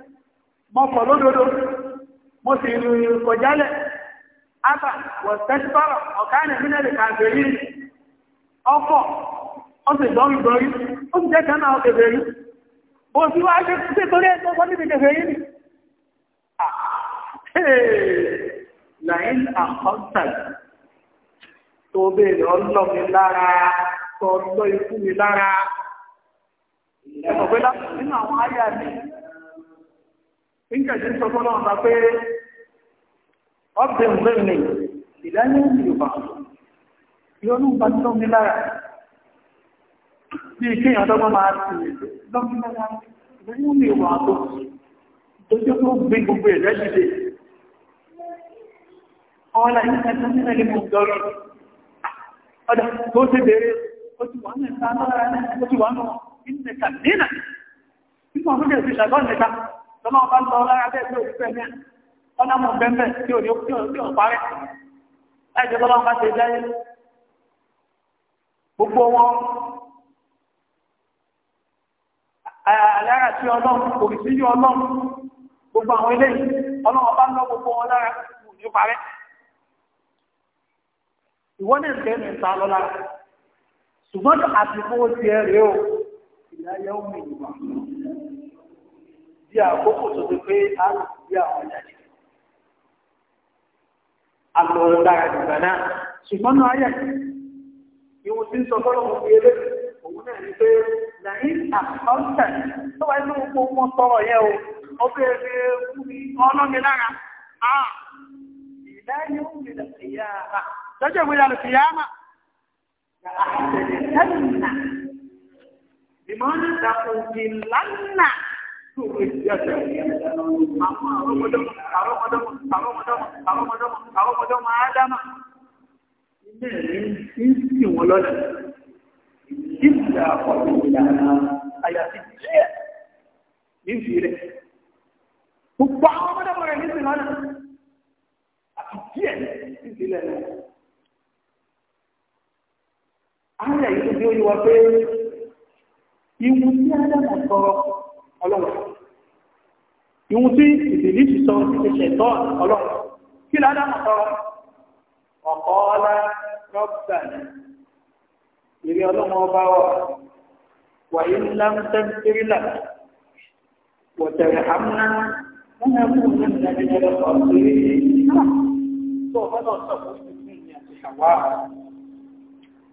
mo kọ̀ lódodo mo sì rìn kọjálẹ̀ ábà wọ̀ tẹ́sífàrọ̀ ọ̀kánì nílẹ̀ kàfẹ́ yìí ọkọ ó sì dọ́rù dọ́rí ó sì yìí bó wá ṣe torí ẹ̀ tó níbi kẹfẹ́ yìí ni lẹ́yìn tó bèèrè ọlọ́ mi lára ọlọ́ ikú mi lára nínú àwọn ayé àti nígbàtí ń sọ fọ́nà ọ̀tà pé ọ̀bẹ̀ ìgbẹ̀mì ìdáyé ìyọ̀bà ìyọ́nù bá tí ó ní lára bí ìké ìyàndọ́gbọ́n máa ti lọ́gbìnlára ìgbẹ̀mù ìwà tó tójú tó gbé gbogbo ẹ̀dẹ́ jìdè ọ̀la ìṣẹ́ta nílẹ̀ ní mọ̀jọ́rọ̀ ọ̀dà tó ṣe bèèrè ó ti wà ní ìta lọ́ra ó ti wà ní ìta nínà nípa ọmọdé ìṣàgbọ́n nìta tọ́lá ọba ń lọ lára bẹ́ẹ̀ tí òṣìṣẹ́ ní ọ̀nà mọ̀ bẹ́ẹ̀ tí òní tí òní ò parẹ́ láì jẹ́ tọ́lá ọba ṣe jáde gbogbo wọn alára tí ọlọ́run kò sí yí ọlọ́run gbogbo àwọn eléyìí ọlọ́run ọba ń lọ gbogbo wọn lára òní parẹ́ ìwọ́n ní ìfẹ́ mi ta lọ́la ṣùgbọ́n àsìkò tiẹ̀ rèé o ìdáyẹ̀wò mi di àkókò tó ti pé á lò sí àwọn ìdájọ́. Àlọ́ lára ìgbà náà, ṣùgbọ́n náà ayẹ̀ ìwọ̀n tí ń sọ fọ́lọ́ mú fi eré òun náà ní pé lẹ́yìn àkọ́ńtẹ̀ tó wáyé ní gbogbo wọn tọrọ yẹ o, ó bèèrè fún mi ọlọ́mi lára. Ìdáyé ó lè lọ sí yá. Lọ́jọ́ ìwé lọ sí yá mà. Ìmọ̀ ní ìdàkùn ìlànà tó o kejì ẹsẹ̀. Àwọn àrọ́mọdọ́mọ àrọ́mọdọ́mọ àrọ́mọdọ́mọ àrọ́mọdọ́mọ àrọ́mọdọ́mọ Ádámà. Ilé ẹ̀mí ń sì wọ́n lọ́dà. Ìgbà ọ̀dọ̀ ìlànà àyàfi díẹ̀ ní ìfi rẹ̀. Gbogbo àwọn ọmọdọ́mọ rẹ̀ ní ìsìn lọ́dà. Àfi díẹ̀ ní ìsìnlẹ̀ náà. Àwọn ẹ̀yìn tó bí ó yẹ wá pé ìwú tí Ádámà sọ̀rọ̀ ọlọ́run ìhun tí ìdìlí ti sọ ti ṣe tọ́ ọlọ́run kí ládàmọ̀ sọ̀rọ̀ ọ̀kọ́ ọlá rọ́bà ìrí ọlọ́run ọba wà wàyí ńlá ń tẹ́ kérìlà wọ̀tẹ̀rẹ̀ àmúná wọ́n yẹ kó ní ìdájọ́ lọ́sọ̀ ọ̀sẹ̀ tó ọ̀fọ́dọ̀ sọ̀kọ́ sí ìpínlẹ̀ àti ṣàwá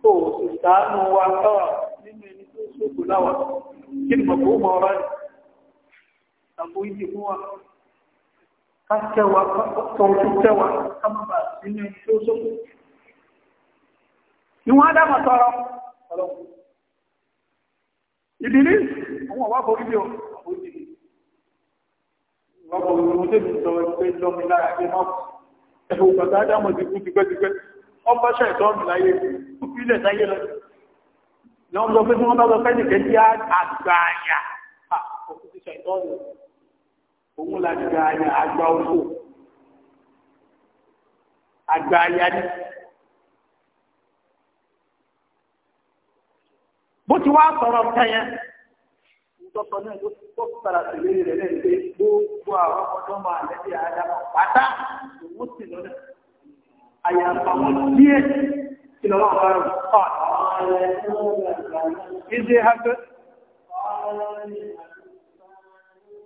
tó ìdáná wa tọ́ àforíjì fún wa ká tẹ́wa tọ́wọ́ tó tẹ́wa ká má tó sókè ìwọ̀n adámọ̀ tọrọ ìdílé àwọn ọ̀wá foríjì ọ̀ àforíjì lọ́pọ̀ ìwọ̀n tẹ́lẹ̀ sọ pé sọ pé tí wọ́n bá lọ fẹ́ òun la gba àyà agba òfò àgbà àyà ni. bó ti wá sọ̀rọ̀ nǹkan yẹn náà ló tó sára tẹ̀lé rẹ̀ lẹ́yìn pé gbogbo àwọn ọmọdé ọmọ àlẹ́bí àdámọ̀ pátá òun sì lọ́dọ̀ àyàfà wọn díẹ̀ ọrụ lọ́wọ́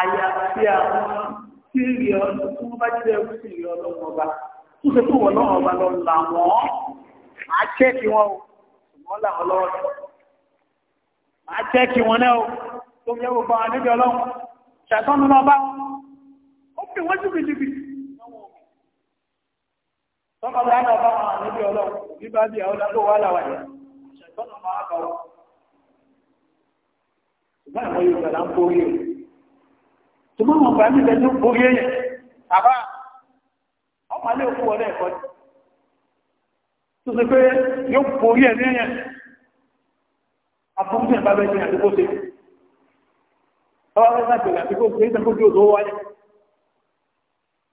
àyàfi àwọn tí rí ọdún tí wọ́n bá jẹ́ ẹrú sí rí ọlọ́run ọba tó ṣe tó wọ́n lọ́rùn ọba lọ là wọ́n máa chẹ́ẹ̀kì wọn o ṣùgbọ́n là wọ́n lọ́wọ́ máa chẹ́ẹ̀kì wọn náà o tó yẹ gbogbo àwọn níbi ọlọ́run ṣàtọ́nu náà bá wọn ó pè wọ́n jìbìjìbì tọ́kọ̀ bá náà bá wọn níbi ọlọ́run bí bá bí àwọn lábọ̀ wà láwà yẹn ṣàtọ́nu máa bá wọn ṣùgbọ́n àwọn Yorùbá là ń borí o ṣùgbọ́n wọn bá nílẹ̀ tó borí èyàn àbá ọmọ alẹ́ òkú wọlé ẹ̀kọ́ tó ṣe pé yóò borí ẹ̀rí èyàn àbúrúkú ẹ̀bá ní àdúgbò ṣe ọwọ́ fẹ́ sàgbèrè àdúgbò ṣe ìṣẹ́ òdó wáyé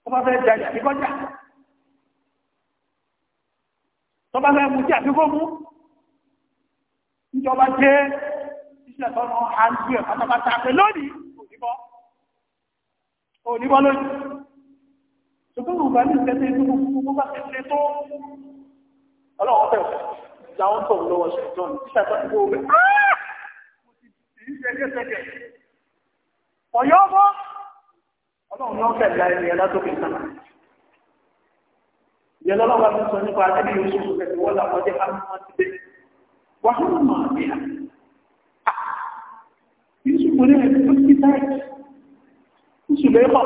ó fẹ́ jajà àdúgbọ́jà sí àdúgbò mú níjọba jẹ́ iṣẹ́ oníwọ́ lójú ṣùgbọ́n ọba ní ìtẹ́tẹ́ inú gbogbo bá ti ṣe tó ọlọ́wọ́ bẹ̀rẹ̀ láwọn tó lọ́wọ́ ṣẹ̀tọ́n ṣẹ̀tọ́ ìgbò bẹ̀ ah! ọ̀yọ́ bọ́ ọlọ́run ní ọ̀kẹ́ ìgbà ẹni ẹ̀lá tó fi sàmà ìyẹn lọ́lọ́wọ́ bá ti sọ nípa ẹni yóò ṣe ṣe wọ́n làkọjẹ́ àmọ́ ti bẹ̀ wàhálà máa bí i ah! sùlẹ́mọ̀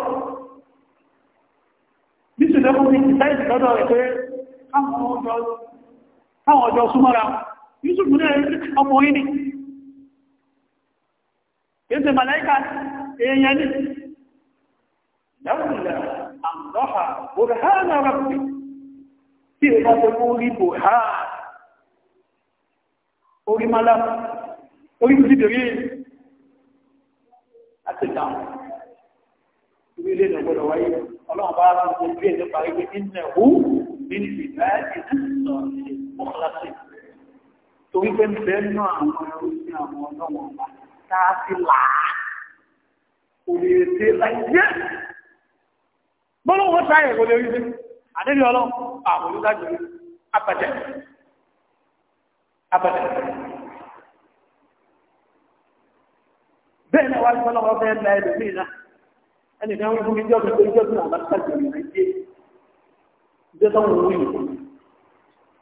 bí sùlẹ́mọ̀ ní ìsáìsì lọ́dọ̀ rẹ̀ pé káwọn ọjọ́ súnmọ́ra Yúsùfù náà ọmọ yìí ni ẹ̀sẹ̀ màláíkà èèyàn ní lọ́wọ́lẹ̀ àmọ́ha bòròhánà rọ̀pì orí bòròhánà orí mọ́lá ilé ìlú gbọdọ̀ wáyé ọlọ́run bá rán gbogbo bí ẹ̀jẹ̀ parí pé nínú ẹ̀hú nínú ìgbà ẹ̀jẹ̀ sọ mọ́kànlásì torí pé ń bẹ́ẹ̀ náà àwọn ẹrú sí àwọn ọlọ́run ọba tá a ti là á kò lè ṣe láyé bọ́lá wọn sáyẹ̀ kò lè rí sí àdébí ọlọ́run àwọn ẹni kan wọ́n fún mi jọ́bi pé jọ́bi náà bá ṣàjọ ìrìn àjẹ́ ìjọ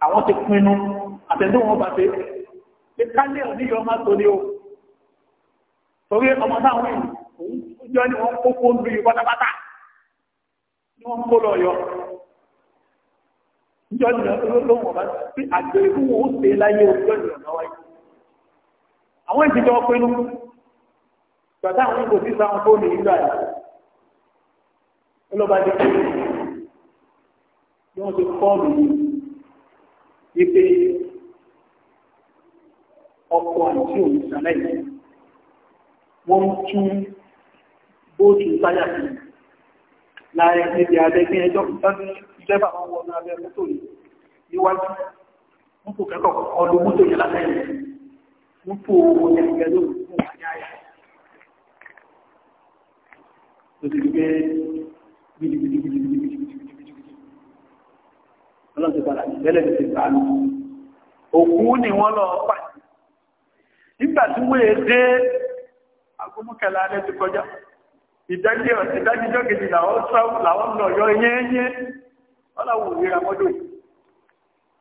àwọn ti pinnu àtẹ̀dọ́ wọn bá ṣe pé kálẹ̀ òní yọ máa tó ní o torí ọmọ táwọn yìí ni wọ́n kó fóun bí pátápátá ni wọ́n kó lọ yọ ìjọ ni lóhùn ọba pé àjọ ikú wọn ó ṣe láyé òjò ìrìn ọ̀nà wáyé àwọn ìdíjọ pinnu gbàtà àwọn ìbò sísá wọn tó ní ìgbà yìí ọlọ́ba ti kú bí wọ́n ti fọ́ọ̀mù yìí pé ọkọ̀ àti òun sàlẹ̀ yìí wọ́n tún bóòtù táyà sí láàrin níbi abẹ́gbẹ́ ẹjọ́ ìtọ́jú ìjọba àwọn ọmọ abẹ́ mọ́tò yìí níwájú mọ́tò kẹ́kọ̀ọ́ ọdún mọ́tò yìí látẹ̀yìn mọ́tò owó ẹgbẹ́ lóòrùn fún wà ní àyà ọlọ́run ti padà tẹ́lẹ̀ ti gbà lọ òkú ni wọ́n lọ pàdé nígbà tí wọ́n èdè agbómúkẹlá alẹ́ ti kọjá ìdájíjọ́ kejì làwọn lọ yọ yẹ́yẹ́ ọlọ́wọ̀ òwúrẹ́ àmọ́dọ̀ yìí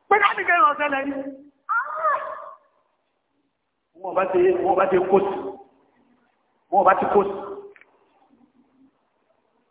pẹ́lá ní kẹrọ ọ̀sẹ́lẹ̀ ní wọ́n bá ti kó sí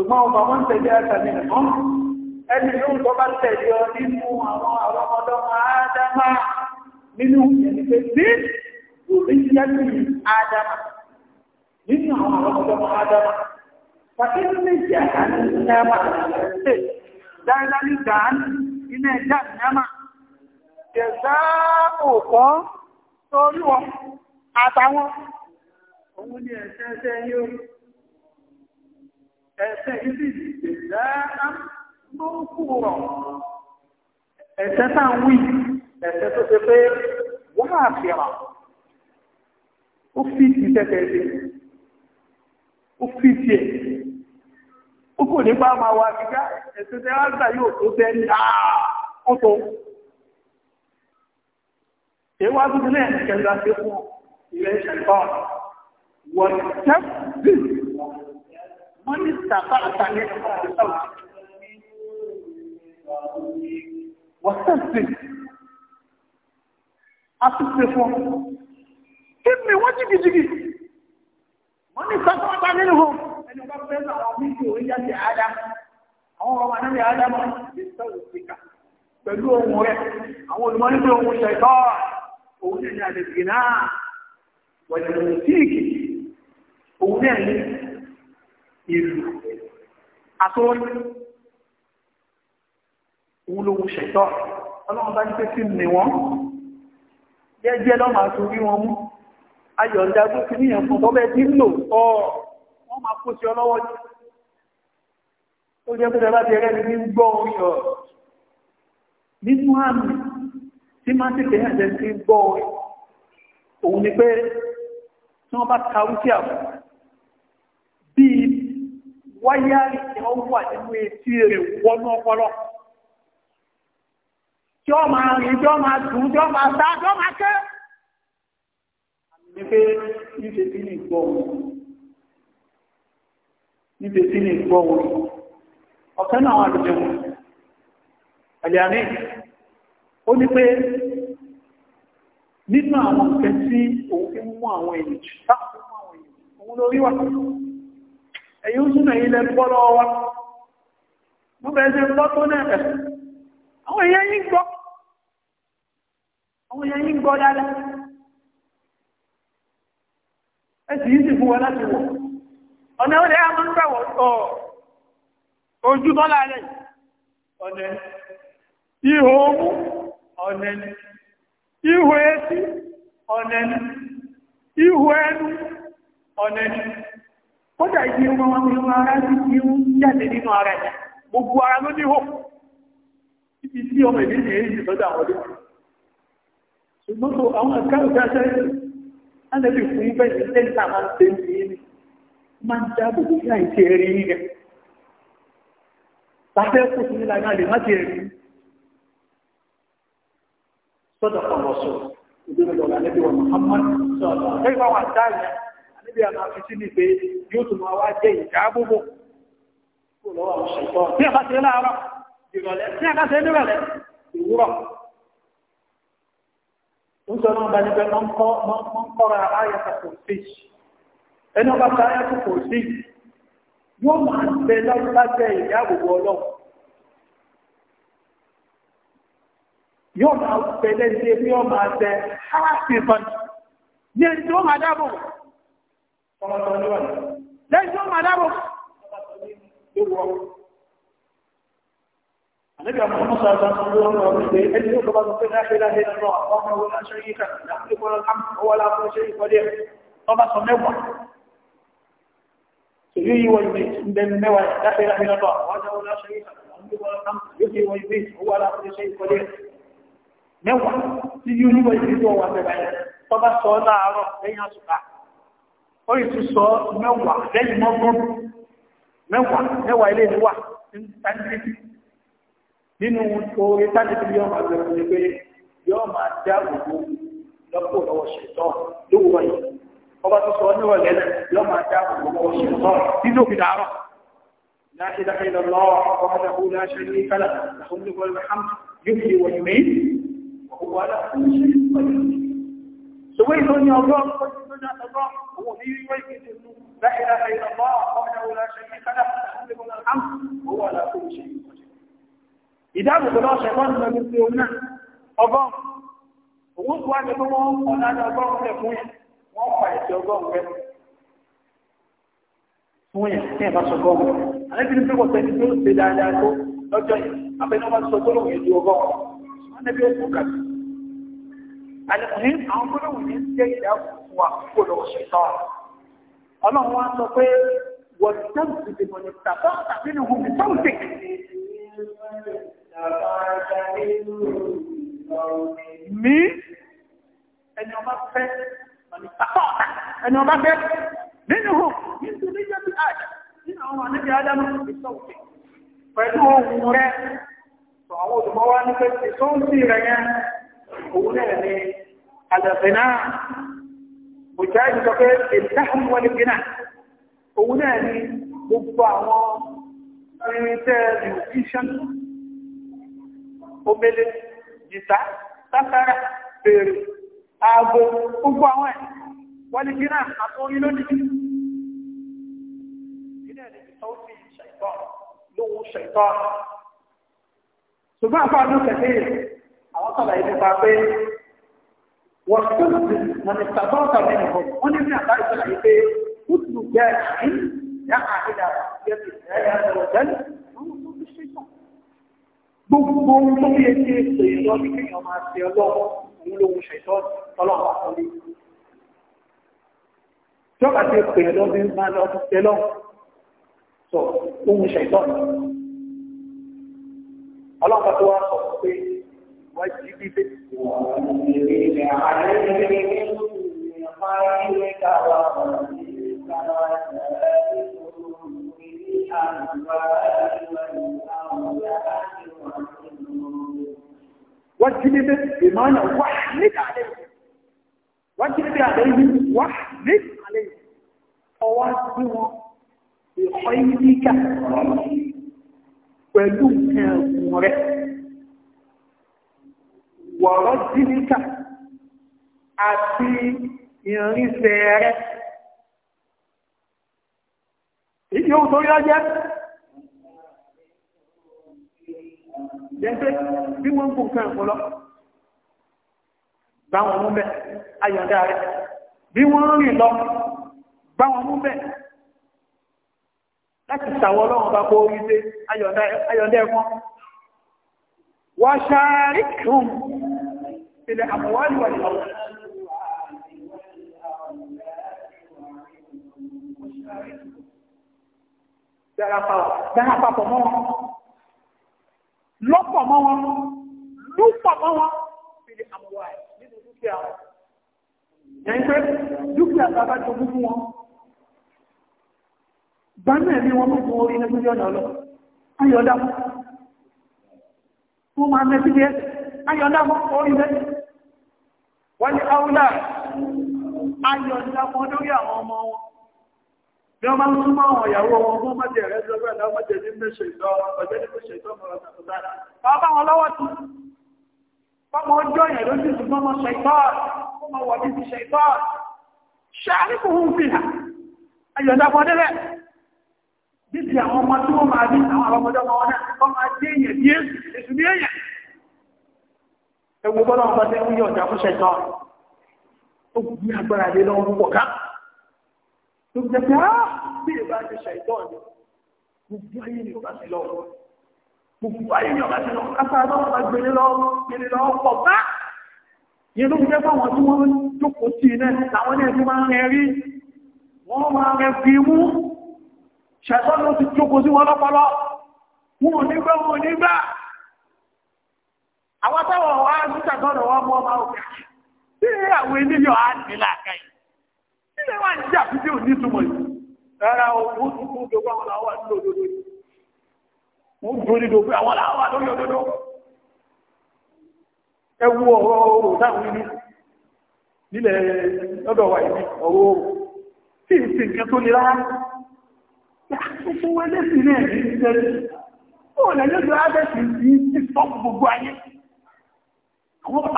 ṣùgbọ́n ọba wọn tẹ̀lé àtàmì ẹ̀mọ́ ẹni yóò tó bá tẹ̀lé ọ nínú àwọn ọlọ́mọdọ́mọ ádámà nínú ìyẹnìfẹ́ sí oríṣiríṣi ádámà nínú àwọn ọlọ́mọdọ́mọ ádámà pàtẹ́ nílé ìjà àdáníyàmà ṣe dáadáa dáa iná ẹja àdáníyàmà ẹ̀sá òkọ́ torí wọn àtàwọn òun ni ẹ̀sẹ̀ ẹ̀sẹ̀ yóò ẹ̀sẹ̀ ìdí ìdáná ló ń kú rọ̀ ẹ̀sẹ̀ tá ń wí ẹ̀sẹ̀ tó ṣe pé wọ́n á fi rà ó fi ti tẹ́tẹ́ ṣe ó fi ti ẹ̀ ó kò nípa máa wà kíká ẹ̀sẹ̀ tẹ́ wá gbà yóò tó tẹ́ ní ọ̀tọ̀ èyí tuntun náà kẹta ṣe fún ilẹ̀ ìṣẹ̀lẹ̀ wọ́n tẹ́ wọ́n ní sàfà àtàlẹ́ wọ́sẹ̀sẹ̀ àtúnṣe fún kí ni wọ́n jìgìjìgì wọ́n ní sàfà àtàlẹ́ hàn ẹni bá fẹ́ sọ àwọn fídíò orí jáde àádá àwọn ọmọ anáyẹ àádá mọ́ ní sọ̀rọ̀ síkà pẹ̀lú ohun rẹ̀ àwọn olùmọ́ nípa ohun ṣẹ̀tọ́ òun ní àdègbè náà wọ̀nyẹ̀ òun síìkì òun náà ìlú àtọ́rí òun ló ń ṣẹ̀tọ́ ọlọ́run bá ní pé kí ni wọ́n jẹ́jẹ́ lọ́mà tó rí wọn mú ayọ̀ ìdágbó kí níyàn fún tọ́bẹ̀ tí ń lò ọ́ wọ́n máa kó sí ọlọ́wọ́ jù ó jẹ́ pẹ́lẹ̀ bá ti rẹ́ ní gbọ́ orin ọ̀ nínú àmì tí máa tètè hàn jẹ́ wáyáàrí tí ó wà etí rẹ̀ wọnú ọpọlọ tí ó máa rìn tí ó máa dùn tí ó máa sá tí ó máa kẹ́ nípe nípe tí ní ìgbọ̀wọ̀ nípe tí ní ìgbọ̀wọ̀ ọ̀fẹ́ náà wà lójú wọn àlìyàní ó ní pé nínú àwọn nǹkan tí òun fi mú àwọn ènìyàn táwọn fún àwọn ènìyàn òun lórí wà ẹ̀yìn òṣùnà ilẹ̀ pọ́lọ́ wa wọ́n bẹ̀rẹ̀ sí gbọ́ tó náà àwọn èèyàn yìí gbọ́ àwọn èèyàn yìí gbọ́ dáadáa ẹ̀sì yìí sì fún wa láti wọ̀ ọ̀nà ó lè á máa ń gbà wọ̀ ọ̀ ojú bọ́lá rẹ̀ ọ̀nà ihò omú ọ̀nà ihò etí ọ̀nà ihò ẹnu ọ̀nà kódà ibi ọmọ wọn ni ọmọ ara sí ti ń jáde nínú ara ẹ̀ gbogbo ara ló ibi isi ọmọ ìdí ní èyí lọ́dọ̀ àwọn ọdún ṣùgbọ́n tó àwọn akẹ́kọ̀ọ́ aṣáájú alẹ́bí fún ibẹ̀ ní sẹ́ńtà máa ń ní máa ń já gbogbo àìsí ẹ̀rí rẹ̀ sí nílá náà lè má ti ẹ̀rí sọ́dọ̀ kan lọ sọ lọ́la lẹ́bí wọn níbi àmà fi sí ní pé yóò tún máa wá jẹ́ ìdáàbòbò kò lọ́wọ́ àwọn ṣẹ̀tọ́ bí a bá ṣe láàárọ̀ ìrọ̀lẹ́ bí a bá ṣe nírọ̀lẹ́ ìwúrọ̀ ń sọ náà bá ní pé wọ́n ń kọ́ra ayẹta kò sí ẹni ọba ta ayẹta kò sí yóò máa bẹ lọ́wọ́ lábẹ́ ìdáàbòbò ọlọ́run yóò máa bẹ lẹ́sẹ̀ bí wọ́n máa bẹ háàfin fún ní ẹni tí wọ́n máa dáàbòbò lẹ́yìn tó máa dábò ìwọ̀ àníbà mọ́mọ́ sọ́ọ̀tọ́ tó ló ń lọ wípé ẹni tó bá sọ pé láṣẹ́ láṣẹ́ lọ́wọ́ àwọn ọmọ wọn láṣẹ́ yìí kan láti kọ́ ọwọ́ láfún ṣe ìkọ́dé tó bá sọ mẹ́wàá èyí yíwọ ìwé ìbẹ̀ mẹ́wàá láṣẹ́ láṣẹ́ lọ́wọ́ àwọn ọmọ wọn láṣẹ́ yìí kan láti kọ́ ọwọ́ láfún ṣe ìkọ́dé mẹ́wàá tí yíwọ ìwé tó wà bẹ̀rẹ̀ tó sọ láàárọ̀ lẹ́yìn àṣùkà ó yìí tún sọ mẹ́wàá lẹ́yìn mọ́gbọ́n mẹ́wàá mẹ́wàá ilé ìwà tánítì nínú oore tánítì yóò máa bẹ̀rẹ̀ ní pé yóò máa dá òwò lọ́pọ̀ lọ́wọ́ ṣètọ́ lówó yìí ọba tó sọ ní ọ̀lẹ́ yóò máa dá òwò lọ́wọ́ ṣètọ́ nínú òbí dàárọ̀ láti dákẹ́ ilẹ̀ lọ́wọ́ ọkọ̀ ọ̀dà ṣe ní kálà fún ní wọlé hàm yóò fi wọ̀ ní ọkọ̀ ọ̀dà fún ṣe سنة الله وهي ويكتب لا إله إلا الله وحده لا شريك له الحمد لله الحمد وهو على كل شيء قدير إذا بقول شيطان ما بيقولنا أبا وقلت وانا بقول أنا أبا ولا wọ́n pa ẹ̀sẹ̀ ọgọ́rùn rẹ̀ fún yẹn tí ẹ̀ bá sọ gọ́ọ̀mù alẹ́bìnrin pé wọ́n tẹ́lẹ̀ tó ṣe dáadáa tó lọ́jọ́ yìí abẹ́ni wọ́n sọ tó lóun èdè ọgọ́rùn-ún wọ́n nẹ́bí ó kú kàtì alẹ́kùnrin àwọn gbọ́dọ̀ wù ní jẹ́ ìdáàbò fún wa kó lọ́wọ́ ṣe tán. ọlọ́run wá sọ pé wọ́n ti tẹ́lù sí ti mọ̀nyẹ́ tàbí tàbí ní hùwù tẹ́lù sí. mi ẹni ọba fẹ́ ẹni ọba fẹ́ nínú hù nítorí jẹ́ bí àjà nínú àwọn àníbi pẹ̀lú ohun rẹ̀ sọ àwọn olùmọ̀ wá ní pé ìsọ̀tì rẹ̀ yẹn òun náà ni àjàfẹ́ náà mùjáàdì sọ pé ìdáhùn wọlé gínà òun náà ni gbogbo àwọn irinṣẹ́ musician omele jìtá sására fèrè aago gbogbo àwọn ẹ̀ wọlé gínà àtúrí lónìí ilé ṣùgbọ́n àfáà ló tẹ̀lé àwọn sọ̀rọ̀ yìí pé واختلف من استطاعت منهم ومن بعد ذلك كل جائع دعا الى معصيه الله عز وجل موصول بالشيطان gbogbo ohun tó yẹ kí ètò ìlọ ní kéèyàn máa ṣe ọlọ́run òun lóhun ṣẹ̀tọ́ tọ́lọ́run àtọ́lé jọba tí ètò ìlọ bí máa lọ ṣe lọ́run ohun ṣẹ̀tọ́ ọlọ́run tó wá sọ pé واجب به واجب به بمعنى وحنك عليه واجب به عليه وحنك عليه فواجبه بخيرك pẹ̀lú nǹkan ẹ̀kùn rẹ̀ wọ̀rọ̀ jíníkà àti ìrìnsẹ̀ rẹ̀. Ìdí ohun tó rí ọjẹ́, jẹ́ bí wọ́n ń kò nǹkan ìpọlọ, bá wọn mú bẹ́, ayọ̀dá rẹ̀, bí wọ́n ń rìn lọ, bá wọn mú bẹ́, láti sàwọ́ ọlọ́run bá kó orí dé ayọ̀dá ẹ̀fọn. Wọ́n ṣàárìkùn في الأموال والأولاد dára papọ̀ mọ́ wọn lọ́pọ̀ mọ́ wọn lúpọ̀ mọ́ wọn fìdí àmúwà nínú dúkìá wọn yẹn pé dúkìá bàbá tó mú fún wọn bá náà ní wọn mú fún orí ní mílíọ̀nù ọlọ́ ayọ̀dá wọn máa mẹ́sí bí ẹ ayọ̀dá wọn orí mẹ́sí wọ́n ní áúlà ayọ̀ ìdápọ̀ lórí àwọn ọmọ wọn bí wọ́n ń súnmọ́ àwọn ìyàwó wọn fún mọ́jẹ̀ rẹ̀ lọ́gbẹ̀ lọ́gbẹ̀ ní mẹ́ṣẹ̀ ìtọ́ ọjọ́ ní mẹ́ṣẹ̀ ìtọ́ mọ̀rọ̀ ọmọ bí ti àwọn ọmọ tí wọ́n máa bí àwọn ọmọdé ọmọ wọn náà ẹgbẹ́ bọ́lá ọmọ tẹ́ ń yọ̀ǹda fún ṣẹ̀tọ́ ó gbé agbára lé lọ́wọ́ púpọ̀ ká ló jẹ́ pé áá bí ìbá ti ṣẹ̀tọ́ ni gbogbo ayé ni ọba ti lọ gbogbo ayé ni ọba ti lọ kápá lọ́wọ́ bá gbélé lọ́wọ́ gbélé lọ́wọ́ pọ̀ ká yẹn ló jẹ́ fáwọn tí wọ́n jókòó sí iná làwọn ní ẹni máa ń rẹ rí máa rẹ fi mú ṣẹ̀tọ́ ló ti jókòó sí wọn lọ́pọlọ wọn ò ní gbẹ́ wọn ò ní gbà àwọn táwọn wá níta tọ́lọ̀ wọ́n mú ọmọ òkè tí àwọn eléyọ̀ á ní láàká yìí tí lè wá ní ìjà fídí òní túmọ̀ yìí rárá owó tuntun tó bá wọn làwọn wà nínú òdodo yìí wọ́n dúró nínú òfin àwọn làwọn wà lórí òdodo ẹ wú ọ̀rọ̀ oòrùn táwọn inú nílẹ̀ lọ́dọ̀ wa ìbí ọ̀rọ̀ oòrùn tí ì sì nǹkan tó le rárá fún ẹlẹ́sìn náà ní ìṣẹ́lẹ̀ ó lẹ́yìn tó rárá bẹ́ẹ̀ sì ń gbogbo ayé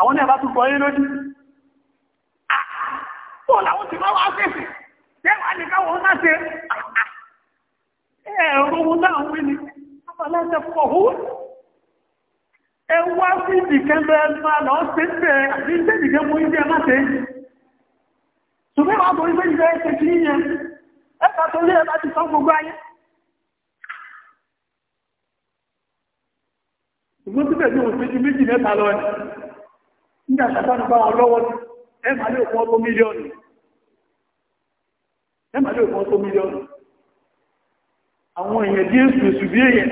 àwọn náà bá tún kọ́ lójú pọ̀ làwọn ti máa wá fèsì tẹ́wà ní káwọn náà ṣe ẹ̀rọ ohun náà wí ni afọlẹ́sẹ̀ tó lé ẹ̀ka ti sọ gbogbo ayé ìgbóntúbẹ̀ ní òṣèlú méjì mẹ́ta lọ ẹ̀ nígbà ṣàtánù bá wọn lọ́wọ́ ẹ máa lè fún ọtọ́ mílíọ̀nù ẹ máa lè fún ọtọ́ mílíọ̀nù àwọn èèyàn bí èsù èsù bí èèyàn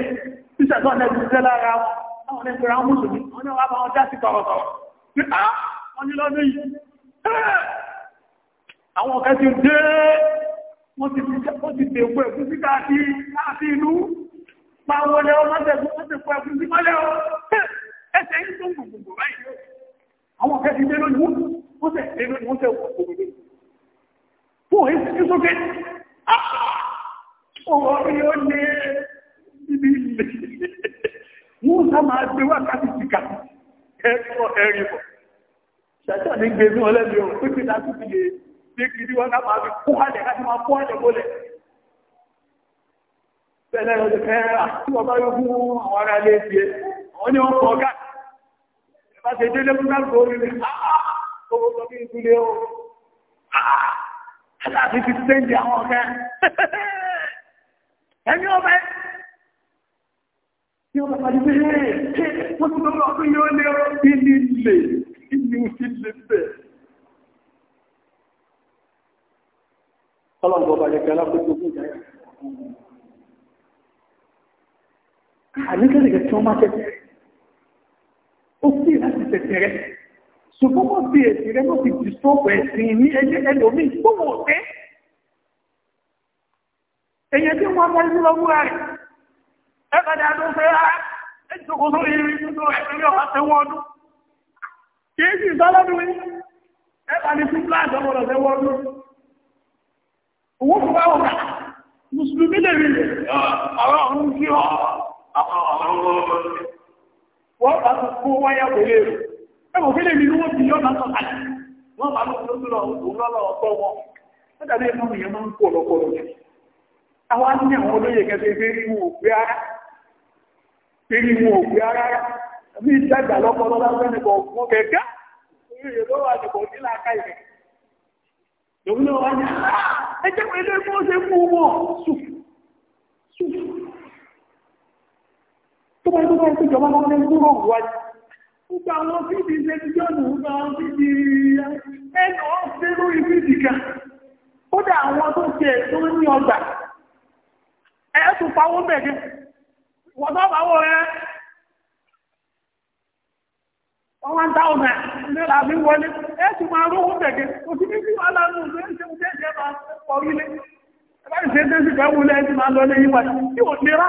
tí ṣàtánù ẹgbẹ́ iṣẹ́ lára àwọn ẹgbẹ́ àwọn mùsùlùmí wọn ni wọ́n bá wọn já sí pàwọ̀pàwọ̀ pé à wọ́n ní lọ́dún yìí àwọn ọ̀kẹ́ ẹ̀kú sí káàkiri ìlú pàwọ̀lẹ́ ọmọdé ẹ̀kú sí pàwọ̀lẹ́ àwọn ọ̀kẹ́ ti dé lónìí wọ́n tẹ̀ dé lónìí wọ́n tẹ̀ wọ́n tó gbé fún èyí sí sókè ah! ọ̀rọ̀ rí ó lé ibi ilẹ̀ wọ́n sá máa gbé wákàtí ti kà ẹ̀kọ́ ẹ̀rìn bọ̀ ṣàtọ̀ ní gbé ní ọlẹ́bí ọ̀rọ̀ pé kí láti fi lè dé kiri wọn máa fi kó hálẹ̀ láti máa kó hálẹ̀ mọ́lẹ̀ bẹ́ẹ̀ lẹ́yìn ọjọ́ kẹ́rẹ́ àti ọba yóò fún àwọn ará ilé ìfẹ́ àwọn ní wọn kọ̀ bá délé fún káàkiri orí rẹ̀ ah, ah, ah, owó sọ bí ìdílé o aláàbí ti sẹ́ńdì àwọn ọ̀gá ẹni ọ̀bẹ tí ó bàbá ní pé mo ti lọ́wọ́ ọdún yóò lé ọ bí ní ilé kí bẹ̀. Ọlọ́run bàjẹ́ kí alákòókò fún ìdáyà. Àníkẹ́lẹ̀ tí wọ́n máa tẹ́tẹ́ ó sì láti tẹ̀sẹ̀ rẹ̀ ṣùgbọ́n wọ́n fi èsì rẹ̀ ló fi dì sóòpù ẹ̀sìn ní ẹgbẹ́ ẹlòmíì tó wọ́n tẹ́ èyàn tí wọ́n mọ́ ìlú lọ́wọ́ rẹ̀ ẹ padà tó fẹ́ rà ẹ jòkó sórí irin nínú ẹ̀sìn ọ̀há tẹ́wọ́ ọdún kì í sì sọ́lọ́dún rí ẹ padà sí pláàsì ọmọdọ̀ tẹ́wọ́ ọdún owó fún wa wọ̀ta mùsùlùmí wọ́n bá tó kó wáyà kò lè rò kí lè mi wọ́n ti yọ́ máa wọ́n bá tó tó lọ òun lọ́lọ́ ọ̀tọ́ wọn ó dàbí ẹ̀mọ́ mi yẹn máa ń kó lọ́pọ̀lọ́ yẹn àwọn á ní àwọn olóyè kẹfẹ́ fẹ́rí wọn ò pé ara fẹ́rí wọn ò pé ara mi dàgbà lọ́pọ̀lọ́ lásán nìkan ah, wọn kẹ̀kẹ́ tó bá gbogbo ẹgbẹ́ ìjọba wọn lẹ́nu tó wà nípa àwọn fídì ìṣẹ́jọ́nù nípa àwọn ẹnà ọ́sẹ́rú ìfídì kan ó dá àwọn tó ti ní ọgbà pawó bẹ̀gẹ́ rẹ̀ wọ́n dá wọlé máa rówó bẹ̀gẹ́ sí wà máa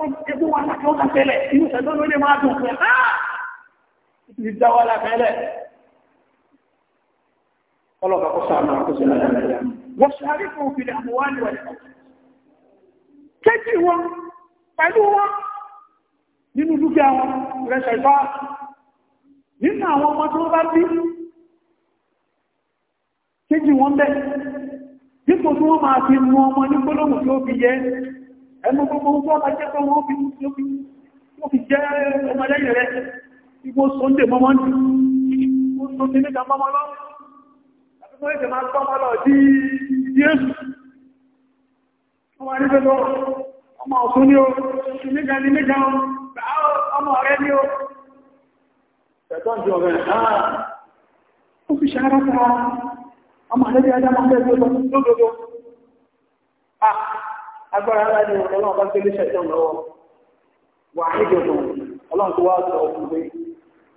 ọmọ ẹgbẹ́ wa láti ọ́ta tẹ́lẹ̀ inú ṣẹ̀dọ́ ló lè máa dùn pẹ̀ náà ti dá wa lábẹ́lẹ̀ ọlọ́pàá kó sáàmù àkóso lábẹ́lẹ̀ wọ́n sáré fún òfin àmúwá ní wọ̀lẹ̀ kéjì wọn pẹ̀lú wọn nínú dúkìá wọn rẹ̀ṣẹ̀ ìfá nínú àwọn ọmọ tó bá bí kéjì wọn bẹ́ẹ̀ dípò tí wọ́n máa fi mú ọmọ ní gbólóhùn tó fi yẹ ẹmọ gbogbo ọjọ́ ọba jẹ́ fún wọn fi jẹ́ ọmọlẹ́yìn rẹ̀ igbó sọ́ndé mọ́mọ́ ní igbó ní o ọmọ rẹ̀ ní o ẹ̀tọ́ ìjọ rẹ̀ ọmọ alẹ́bí ajá máa fẹ́ agbára ńlá ni ọ̀rọ̀ náà bá gbé léṣẹ̀ tán lọ́wọ́ wà nídìí gbogbo ọlọ́run tó wá sọ ọkùnrin pé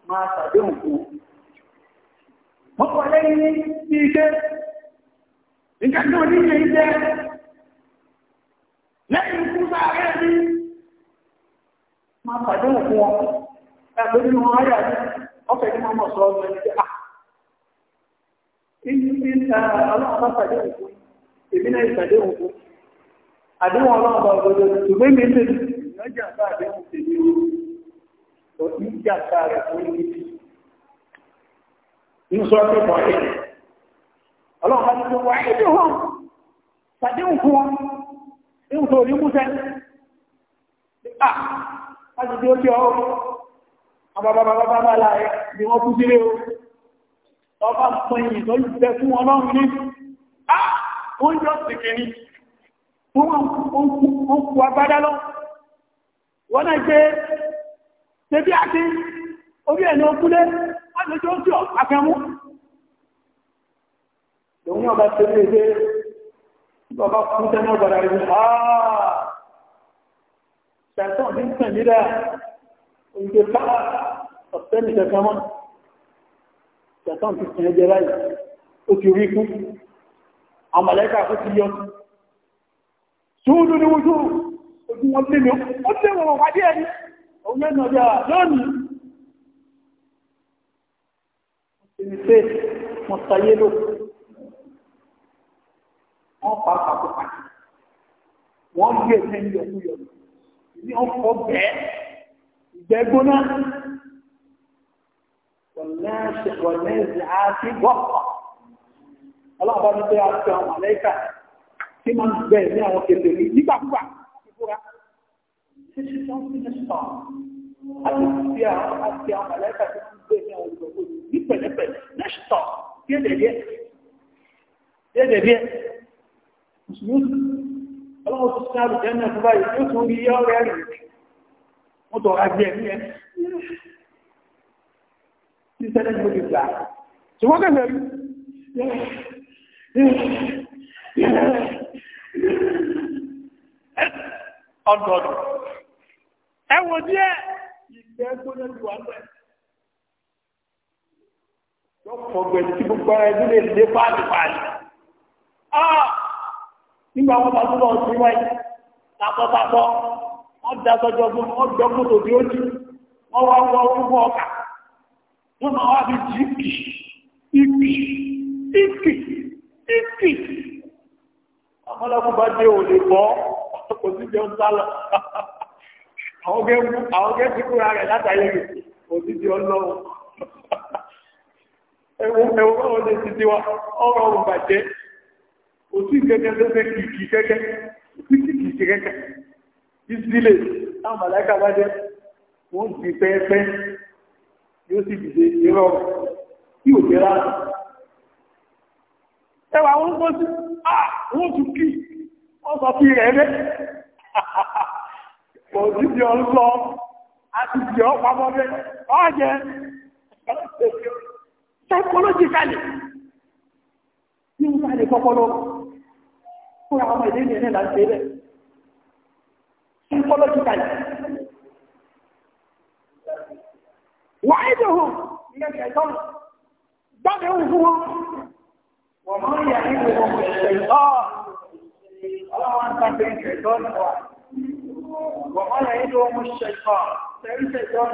máa tàbí òkú mọ́kọ̀ lẹ́yìn ní iṣẹ́ nǹkan tó ní ilé iṣẹ́ lẹ́yìn ikú sáré ní máa tàbí òkú wọn ẹgbẹ́ nínú ayà ọ̀fẹ́ ní mọ́mọ́ sọ ọmọ ẹni ah ìyí ní ọlọ́run bá tàbí òkú èmi náà ìtàdé àdéhùn ọlọ́run bá gbogbo ṣùgbọ́n mi lè lọ́jà bá àdéhùn tèmi o kò ní jà ká rẹ̀ fún mi. inú sọ pé mọ̀ ẹ́ ọlọ́run bá ní kó wá ẹjọ́ wọn ṣàdéhùn fún wọn ẹ̀hùn tó rí múṣẹ́ à láti tí ó jẹ́ ọ́ àbábábábá láàrẹ wọ́n kú agbádá lọ wọ́n náà ṣe ṣe bí àti orí ẹ̀nà òkúlé wọ́n lè jọ sí àfẹ́mú lòun náà bá tẹ́lẹ̀ ṣe bọ́bá fún tẹ́lẹ̀ ọgbàdà rẹ̀ àà ṣẹ̀tọ́ ní tẹ̀lẹ̀ oúnjẹ káà ọ̀fẹ́ nìkẹ́ kẹmọ́ ṣẹ̀tọ́ ti tẹ̀lẹ̀ jẹ́ láì ó ti rí kú àmàlẹ́kà ó ti yọ túúdú ní wújú ojú wọn lé mi ó lé wọn wá díẹ̀ ní òun lẹ́nu ọjà lónìí ìsinmi pé wọ́n sayé lò wọ́n pa àpapọ̀ wọ́n gbé ẹ̀sẹ̀ ní ọkú yọ ní ọkọ̀ bẹ́ẹ̀ ìgbẹ́ gbóná wọ̀lẹ́ẹ̀sì àti gbọ́pọ̀ ọlọ́pàá ní pé a ti àwọn àlẹ́kà tí máa ń bẹ̀ ní àwọn kẹfẹ́ ní nígbàkúgbà ìfúra. Ṣíṣí tó Ṣùgbọ́n kẹfẹ́ rí ọdọọdọ ẹ wò díẹ̀ ìgbẹ́ gbóná ju àwọn ẹ lọpọ tí gbogbo ara ẹbí lè lé páàlì páàlì á nígbà wọn bá tún lọ sí wáyé tapọtapọ wọn da sọjọ fún wọn jọ kótó tí ó jì wọn wá wọ orúkọ ọkà wọn máa wá fi jì ìkì ìkì ìkì mọ́lẹ́kù bá dé ò lè bọ́ kò sí jẹun sálọ àwọn gẹ́ ti kúra rẹ̀ látàrí rẹ̀ kò sí jẹun lọ́wọ́ ẹwọ́n ọ̀rọ̀ lè ti tiwa ọ̀rọ̀ ọ̀rọ̀ bàjẹ́ kò sí kẹ́kẹ́ tó fẹ́ kìkì kẹ́kẹ́ sí kìkì kẹ́kẹ́ ìsílẹ̀ táwọn màláìka bá jẹ́ wọ́n ti pẹ́ẹ́pẹ́ yóò sì dìde ìrọ̀rùn tí ò jẹ́ rárá ẹwà wọn kó sí àwọn ah, oṣù fi rẹ̀ rẹ̀ kò sí ti ọlọ́ àti ti ọpamọ́ rẹ̀ ọ́jẹ́ psychologically ní wọ́n lè kọ́kọ́lọ́ fún àwọn ilé ní rẹ̀ wà وما يعلمهم الشيطان وما تنبين شيطان وما يعلمهم الشيطان تنبين شيطان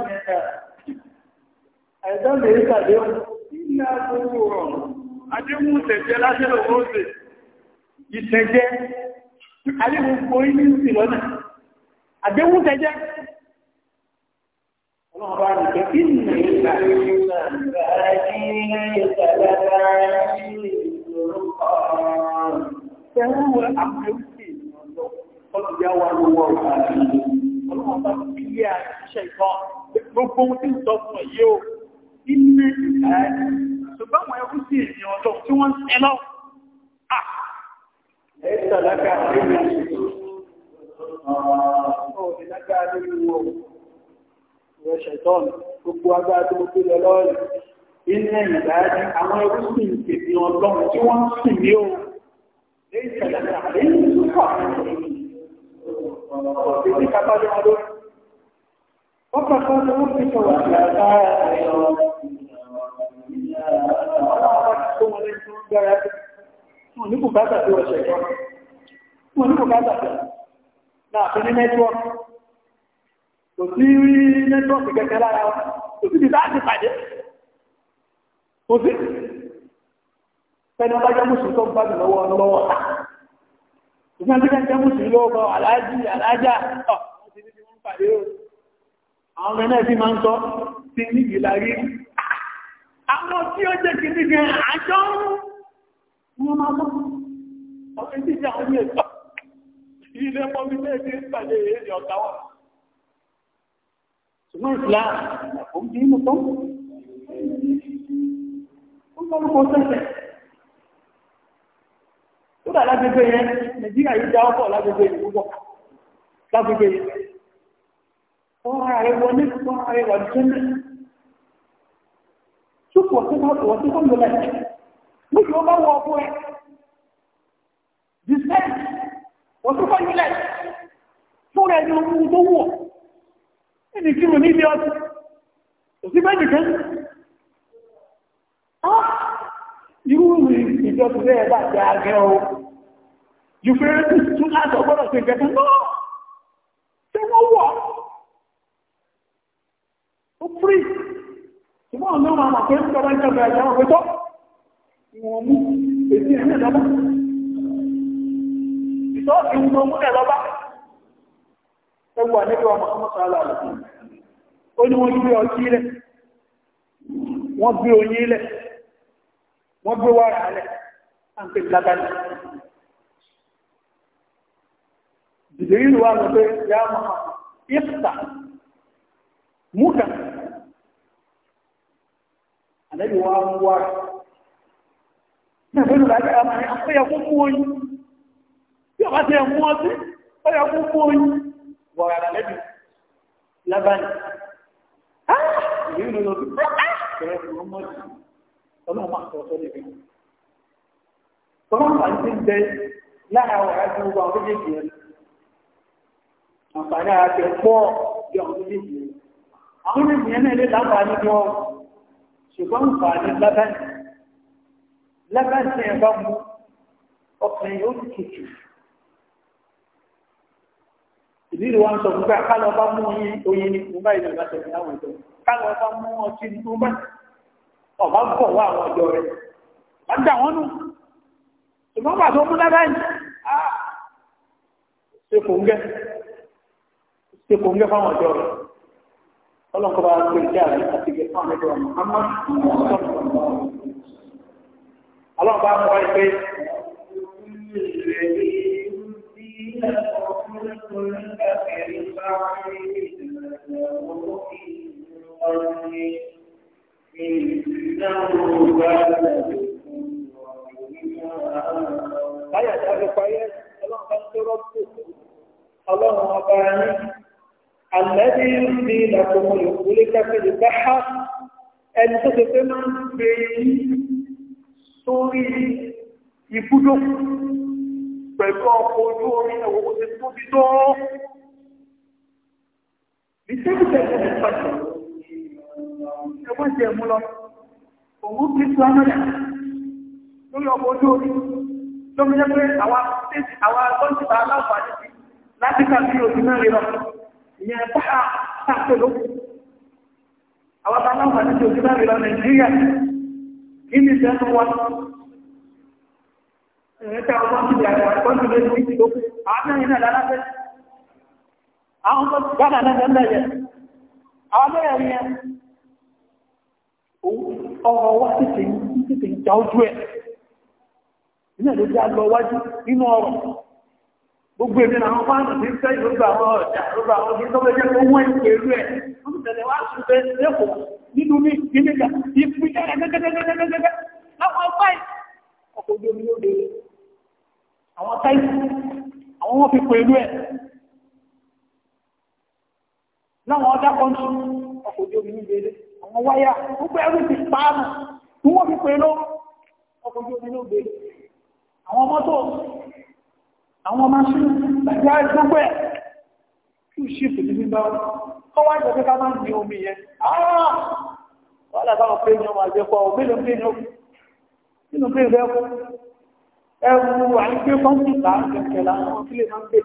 أيضا ليس اليوم إلا ظهور Adéhùn ìtẹ̀jẹ́ lásìlò oóṣè, ìtẹ̀jẹ́, aléhùn kò ní ìsìn lọ́nà. Adéhùn ìtẹ̀jẹ́, Ọlọ́run bá nìkẹ́ kí tẹ̀wọ́ àmúlùsì ọlọ́dẹ wà lọ́wọ́ àti ọlọ́wọ́ bá fi yé àṣìṣe ìkan gbogbo ohun tí ń sọ fún ẹ̀yẹ́ o iná ẹ̀ iná ìdájí àwọn ẹrúsìn ìpèsè ọlọ́run tí wọ́n sì ní o lẹ́yìn ìṣẹ̀lẹ̀ àlẹ́yìn ìṣúkọ̀ títí kápálẹ́ wọn lórí wọ́n kọ́kọ́ ní wọ́n fi sọ̀rọ̀ sí àgbára ẹ̀rọ Wọ́n ní kò bá tàbí ọ̀ṣẹ̀ kan. Wọ́n ní kò bá tàbí láàfin ní nẹ́tíwọ́ọ̀kì. Kò sí rí nẹ́tíwọ́ọ̀kì kẹ́kẹ́ lára wọn. Kò sí ti bá ti pàdé kó sí fẹ́ni ọba jẹ́ mùsùlùmí tó ń bá mi lọ́wọ́ lọ́wọ́ ìgbà tí wọ́n jẹ́ mùsùlùmí lọ́wọ́ aláàjì aláàjà ọ̀ wọ́n ti ní bí wọ́n pàdé o àwọn ọmọ náà sì máa ń sọ sí ní ìlàrí àwọn tí ó jẹ́ kìí ní àjọ ilé ẹ̀tọ́ ilé mọ́bí lẹ́ẹ̀kẹ́ ṣùgbọ́n ìsìlá ọ̀pọ̀ mú tó ó lórúkọ sẹ́sẹ̀ tó dà lágbègbè yẹn nàìjíríà yìí dá ọkọ̀ lágbègbè yìí púpọ̀ lágbègbè yìí wọ́n ara rẹ̀ wọlé wọ́n ara rẹ̀ wà jẹ́mẹ̀ ṣùkú ọ̀tí tó lọ lẹ́yìn nígbà wọ́n bá wọ ọkọ̀ rẹ̀ dìsẹ́ wọ́n tó fọ́yún lẹ̀ fún rẹ̀ ní ohun tó wọ̀ ẹni kí mo ní ilé ọtí òsì bẹ́ẹ̀ nìkan irú ìjọba bẹ́ẹ̀ bá jẹ́ agẹ́ o yóò fẹ́rẹ́ tí tún láti ọgbọ́dọ̀ sí ìgbẹ́ta náà tí wọ́n wọ̀ ó fúrí ìwọ̀n náà máa mọ̀ pé ń tọ́rọ ìjọba ẹ̀jọ́ wọn pẹ́tọ́ ìwọ̀n mú èsì ẹ̀mẹ́ lọ́bá ìtọ́ ìwọ̀n mú ẹ̀ lọ́bá ẹwà níbi ọmọ ọmọ sọ́lá lọ́sí ó ní wọ́n gbé ọtí ilẹ̀ wọ́n gbé oyin ilẹ̀ wọ́n gbé wá rà lẹ̀ à ń pè lábàlì. Jìbìrì wà lọ pé yá máa ìfta múta. Àlẹ́bí wa ń wá rà. Náà fẹ́ lùlá jẹ́ àmà ní àpẹ́yà kó mú oyin. Bí ọba ti ẹ̀ mú ọtí, ọyà oyin. Wọ̀rà lẹ́bí lábàlì. Ah! Ìbí ìlú lọ sí. Ah! ọmọdé ọlọ́run àwọn méjèèjì náà lè láǹfààní wọn ṣùgbọ́n àǹfààní lábẹ́ni lábẹ́ni tí ẹ bá mú ọkùnrin yóò tutù ìdílé wa sọ fún pé kálọ̀ bá mú oyin ní oyin ní mo báyìí lọ́gbàtẹ̀ láwọn bá mú ọtí ní ọba ń bọ̀ wá àwọn ọjọ́ rẹ̀ wọ́n dà wọ́n nù ṣùgbọ́n pàtó mú dáadáa yìí á ah! ń gẹ́ ṣe ń gẹ́ fáwọn ọjọ́ rẹ̀ ọlọ́nkọ́ bá pè jẹ́ àrẹ àti gẹ̀ fáwọn ẹgbẹ́ ọmọ àmọ́ ọlọ́nkọ́ bá mọ́ ẹgbẹ́ Thank you. Báyà tí a fi parí ẹ̀ ọlọ́run bá ń tó rọ́pù ọlọ́run ọba ẹni. Àlẹ́bí ní ìlàkùnmọ̀ ìwúlé kẹfẹ́lẹ̀ bá há ẹni tó ṣe pé máa ń gbé sórí ibùdó pẹ̀lú ọkọ̀ ojú omi ẹ̀wọ̀ kò ti tóbi tó. Ìṣẹ́bùtẹ̀ ẹ̀kọ́ jẹ́ mú lọ òun bí tí wọ́n mẹ́lẹ̀ lórí ọkọ̀ ojú orí tó mẹ́lẹ̀ pé àwọn tọ́jú bá aláǹfààní sí láti kàbí òjú mẹ́rin lọ ìyẹn bá sáfẹ́ ló àwọn bá aláǹfààní sí òjú mẹ́rin lọ Nàìjíríà kí ni ìṣẹ́nu wa ẹ̀ẹ́ta ọmọ ti di àwọn tọ́jú lé ní ìlú àwọn mẹ́rin náà lálábẹ́ àwọn tó gbádà náà lẹ́lẹ́yẹ àwọn mẹ́rin yẹn ọ̀rọ̀ wá títí títí ìjà ojú ẹ̀ iná ló já lọ nínú ọ̀rọ̀ gbogbo èmi làwọn fáànù ní fẹ́ ìrúgbà àwọn ọ̀dà ìrúgbà àwọn ọdún tó ní àwọn wáyà gbogbo ẹrù ti pàánù tí wọ́n fi pè ló ọkọ̀ ojú omi ló gbé àwọn mọ́tò àwọn maṣín gbàjá gbogbo ẹ̀ tí ṣífù ní gbígbá kọ́ wá ìjọ pípa máa ń ní omi yẹn àárá wọ́n lábáwọn pé ní ọmọ àjẹpọ̀ òmìnà pé ní omi nínú pé rẹ̀ kú ẹwù àìgbé kọ́ńtìtà kẹ̀kẹ́ làwọn kílè máa ń gbé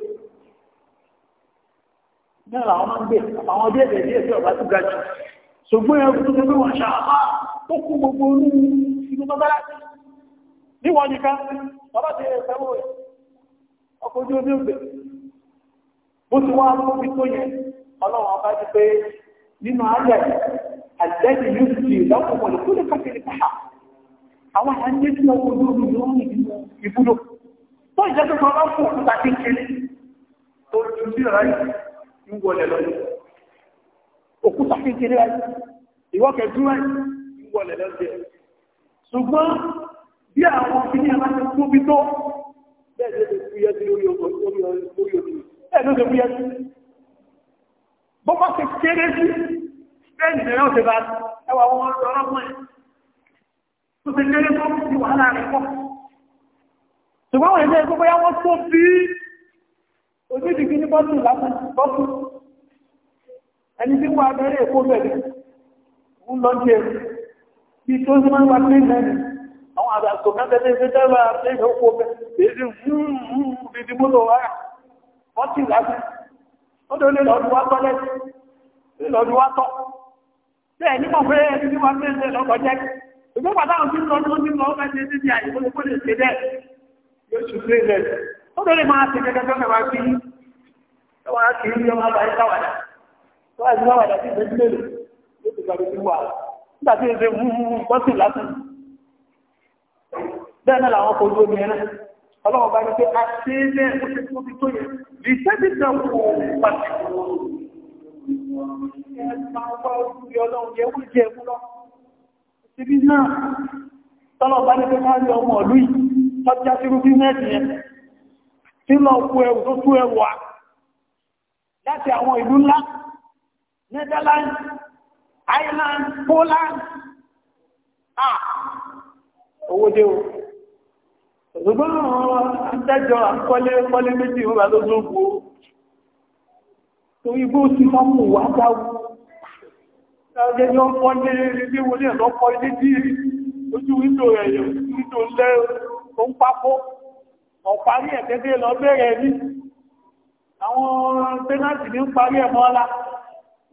náà làwọn máa ń gbé àwọn díẹ̀ díẹ̀ tí ọba tó ga jù ṣùgbọ́n ẹgbẹ́ tó gbé wọn ṣàpá tó kú gbogbo orí inú mọ́bára ní wọ́n ní ká bàbá ti rẹ̀ sẹ́wọ́ rẹ̀ ọkọ̀ ojú omi ògbè bó ti wá lóbi tó yẹ ọlọ́run ọba ti pé nínú ayẹ̀ àjẹ́jì yóò ti lọ́kùnkùn lè kúlẹ̀ káàkiri pàá àwọn àjẹ́ tí wọ́n kojú omi yóò ní ibùdó tó ìjẹ́ tó sọ lọ́kùnkùn tàbí kiri tó òkúta kékeré ayé ìwọ́kẹ̀ dúró ìwọlé lọ́sẹ̀ ṣùgbọ́n bí àwọn kìíní ẹ̀rọ ti kú bí tó bẹ́ẹ̀ ló ti fúyẹ́ sí lórí omi bẹ́ẹ̀ ló ti fúyẹ́ sí bọ́kọ́ ti kéré sí bẹ́ẹ̀ ni ẹ̀rọ ti bá ẹwà wọn lọ́rọ̀ tó ti léré tó ti wà láàrin pọ̀. ṣùgbọ́n wọ́n ilé ẹgbẹ́ bóyá wọ́n tó bí onídìí ní bọ́tù lásán bọ́tù ẹni tí wọ́n abẹ́rẹ́ èkó bẹ̀rẹ̀ ń lọ jẹ́ bí tó ń máa wà pé náà àwọn àdàkọ̀ mẹ́tẹ̀lẹ́ ìfẹ́ dára pé ìhókò bẹ̀rẹ̀ bí i mú lọ wáyà wọ́n ti láti wọ́n tó lè lọ́dún wá tọ́lẹ̀ lọ́dún wá tọ́ bẹ́ẹ̀ nípa pé ẹni tí wọ́n pé ń lọ́kọ̀ jẹ́ ìgbó pàtàkùn tí lọ́dún wọ́n ti lọ́ mẹ́tẹ̀ sí ti tó àti náà wàdà sí ìgbésí lélò ló ti gbàgbé sí wà nígbà tí èdè wú bọ́sì lásán bẹ́ẹ̀ náà làwọn kojú omi ẹ̀rẹ́ ọlọ́wọ́ bá ní pé a ṣe é lẹ́ ó ti tó ti tó yẹ lè tẹ́tí tẹ́ kó pàṣẹ Ibi náà, tọ́lọ̀ bá ní pé máa rí ọmọ ìlú yìí, tọ́já sírú bíznẹ́sì yẹn, tí lọ kú ẹwù tó tú ẹwà láti àwọn ìlú ńlá Netherlands, Ireland, Poland. Ah, owó dé o. Ṣùgbọ́n àtẹ́jọ àkọlé kọlé méjì wà lójú gbò. Torí bó ti máa mú wà dáwó. Ṣáàjẹ́ ni ó pọ́ ní ilé wo ní ẹ̀lọ́pọ̀ ilé tí ojú wíńdò rẹ̀ yẹ̀ wíńdò lẹ́ tó ń pápó. Ọ̀parí ẹ̀ tẹ́tẹ́ lọ bẹ̀rẹ̀ ní. Àwọn pẹ́nàtì ní ń parí ẹ̀mọ́ ọlá.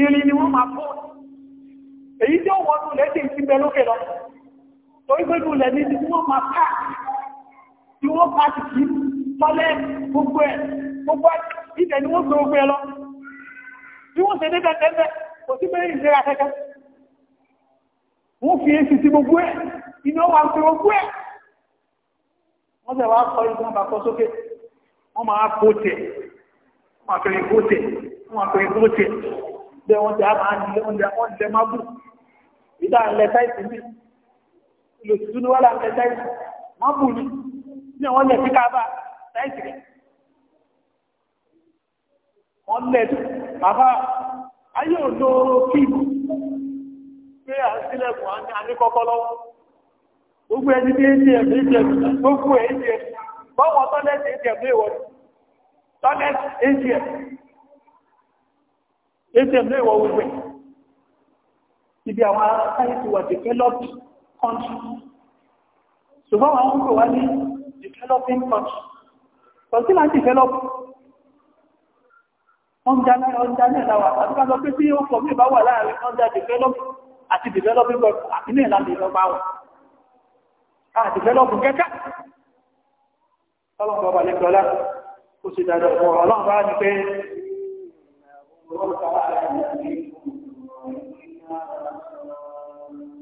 irin ni wọ́n máa fún èyí tí ó wọ́nú lẹ́sẹ̀ ti bẹ lókè lọ torí pé jùlẹ̀ ní ti wọ́n máa ká tí wọ́n pa ti kí tọ́lẹ̀ gbogbo ẹ̀ gbogbo ìtẹ̀ ni wọ́n gbé gbogbo ẹ lọ tí wọ́n ṣe débẹ̀ tẹ́lẹ̀ kò sí pé ìlera kẹ́kẹ́ wọ́n fi èsì sí gbogbo ẹ̀ iná wà ń pe gbogbo ẹ̀ wọ́n sẹ̀ wá kọ́ ìgbọ́n bá kọ́ sókè wọ́n máa kó tẹ̀ wọ́n máa kẹrin kó tẹ̀ wọ́n máa kẹrin kó tẹ̀ bẹ́ẹ̀ wọ́n ti á máa nílé oúnjẹ wọ́n jẹ má bù ìdá ilẹ̀ táìsì mi lòtútù ni wọ́n là ń lẹ táìsì má bù ni ní àwọn ilẹ̀ kíkà bá táìsì rẹ̀ wọ́n lẹ̀ bàbá ayé òdo kíìbù pé à ń sílẹ̀kùn á ní kọ́kọ́ lọ́wọ́ gbogbo ẹni tí ń jẹ ẹ̀mí jẹ gbogbo ẹ̀ ń jẹ bọ́wọ́ tọ́lẹ́sì ń jẹ mí ìwọ̀n tọ́lẹ́sì ń jẹ atm lè wọ wíwẹ̀ ibi àwọn aráyé ti wà developed country ṣùgbọ́n àwọn ń pè wá ní developing country kọ̀sí là ń develop ọjà náà láwà àti ká lọ pé tí ó pọ̀ mí bá wà láàrin ọjà develop àti developing country àti ní ìlànà ìlọ́pàá wọn àti develop kẹ́kẹ́ ọlọ́pàá wà ní pẹ̀lá ó sì dájọ́ ọlọ́pàá ní pé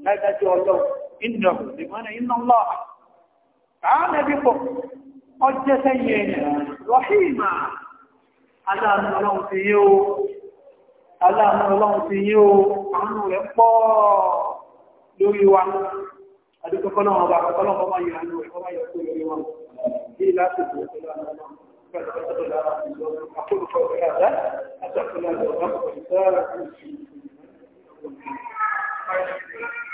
Lájájú ọjọ́, iná ìmọ̀nà iná lọ́ha. Àánà dípò, ọjẹ́ sẹ́yìn ẹ̀yẹ̀, rọ̀hìmà, aláàmù ọlọ́run ti yí o, aláàmù ọlọ́run ti yí o, àánú rẹ̀ pọ̀ lórí wa. Adúkọ́kọ́ náà ọba, ọlọ́run ọmọ yìí àánú rẹ̀, ọmọ yìí أقول قولي هذا أتقنا لله وإنسان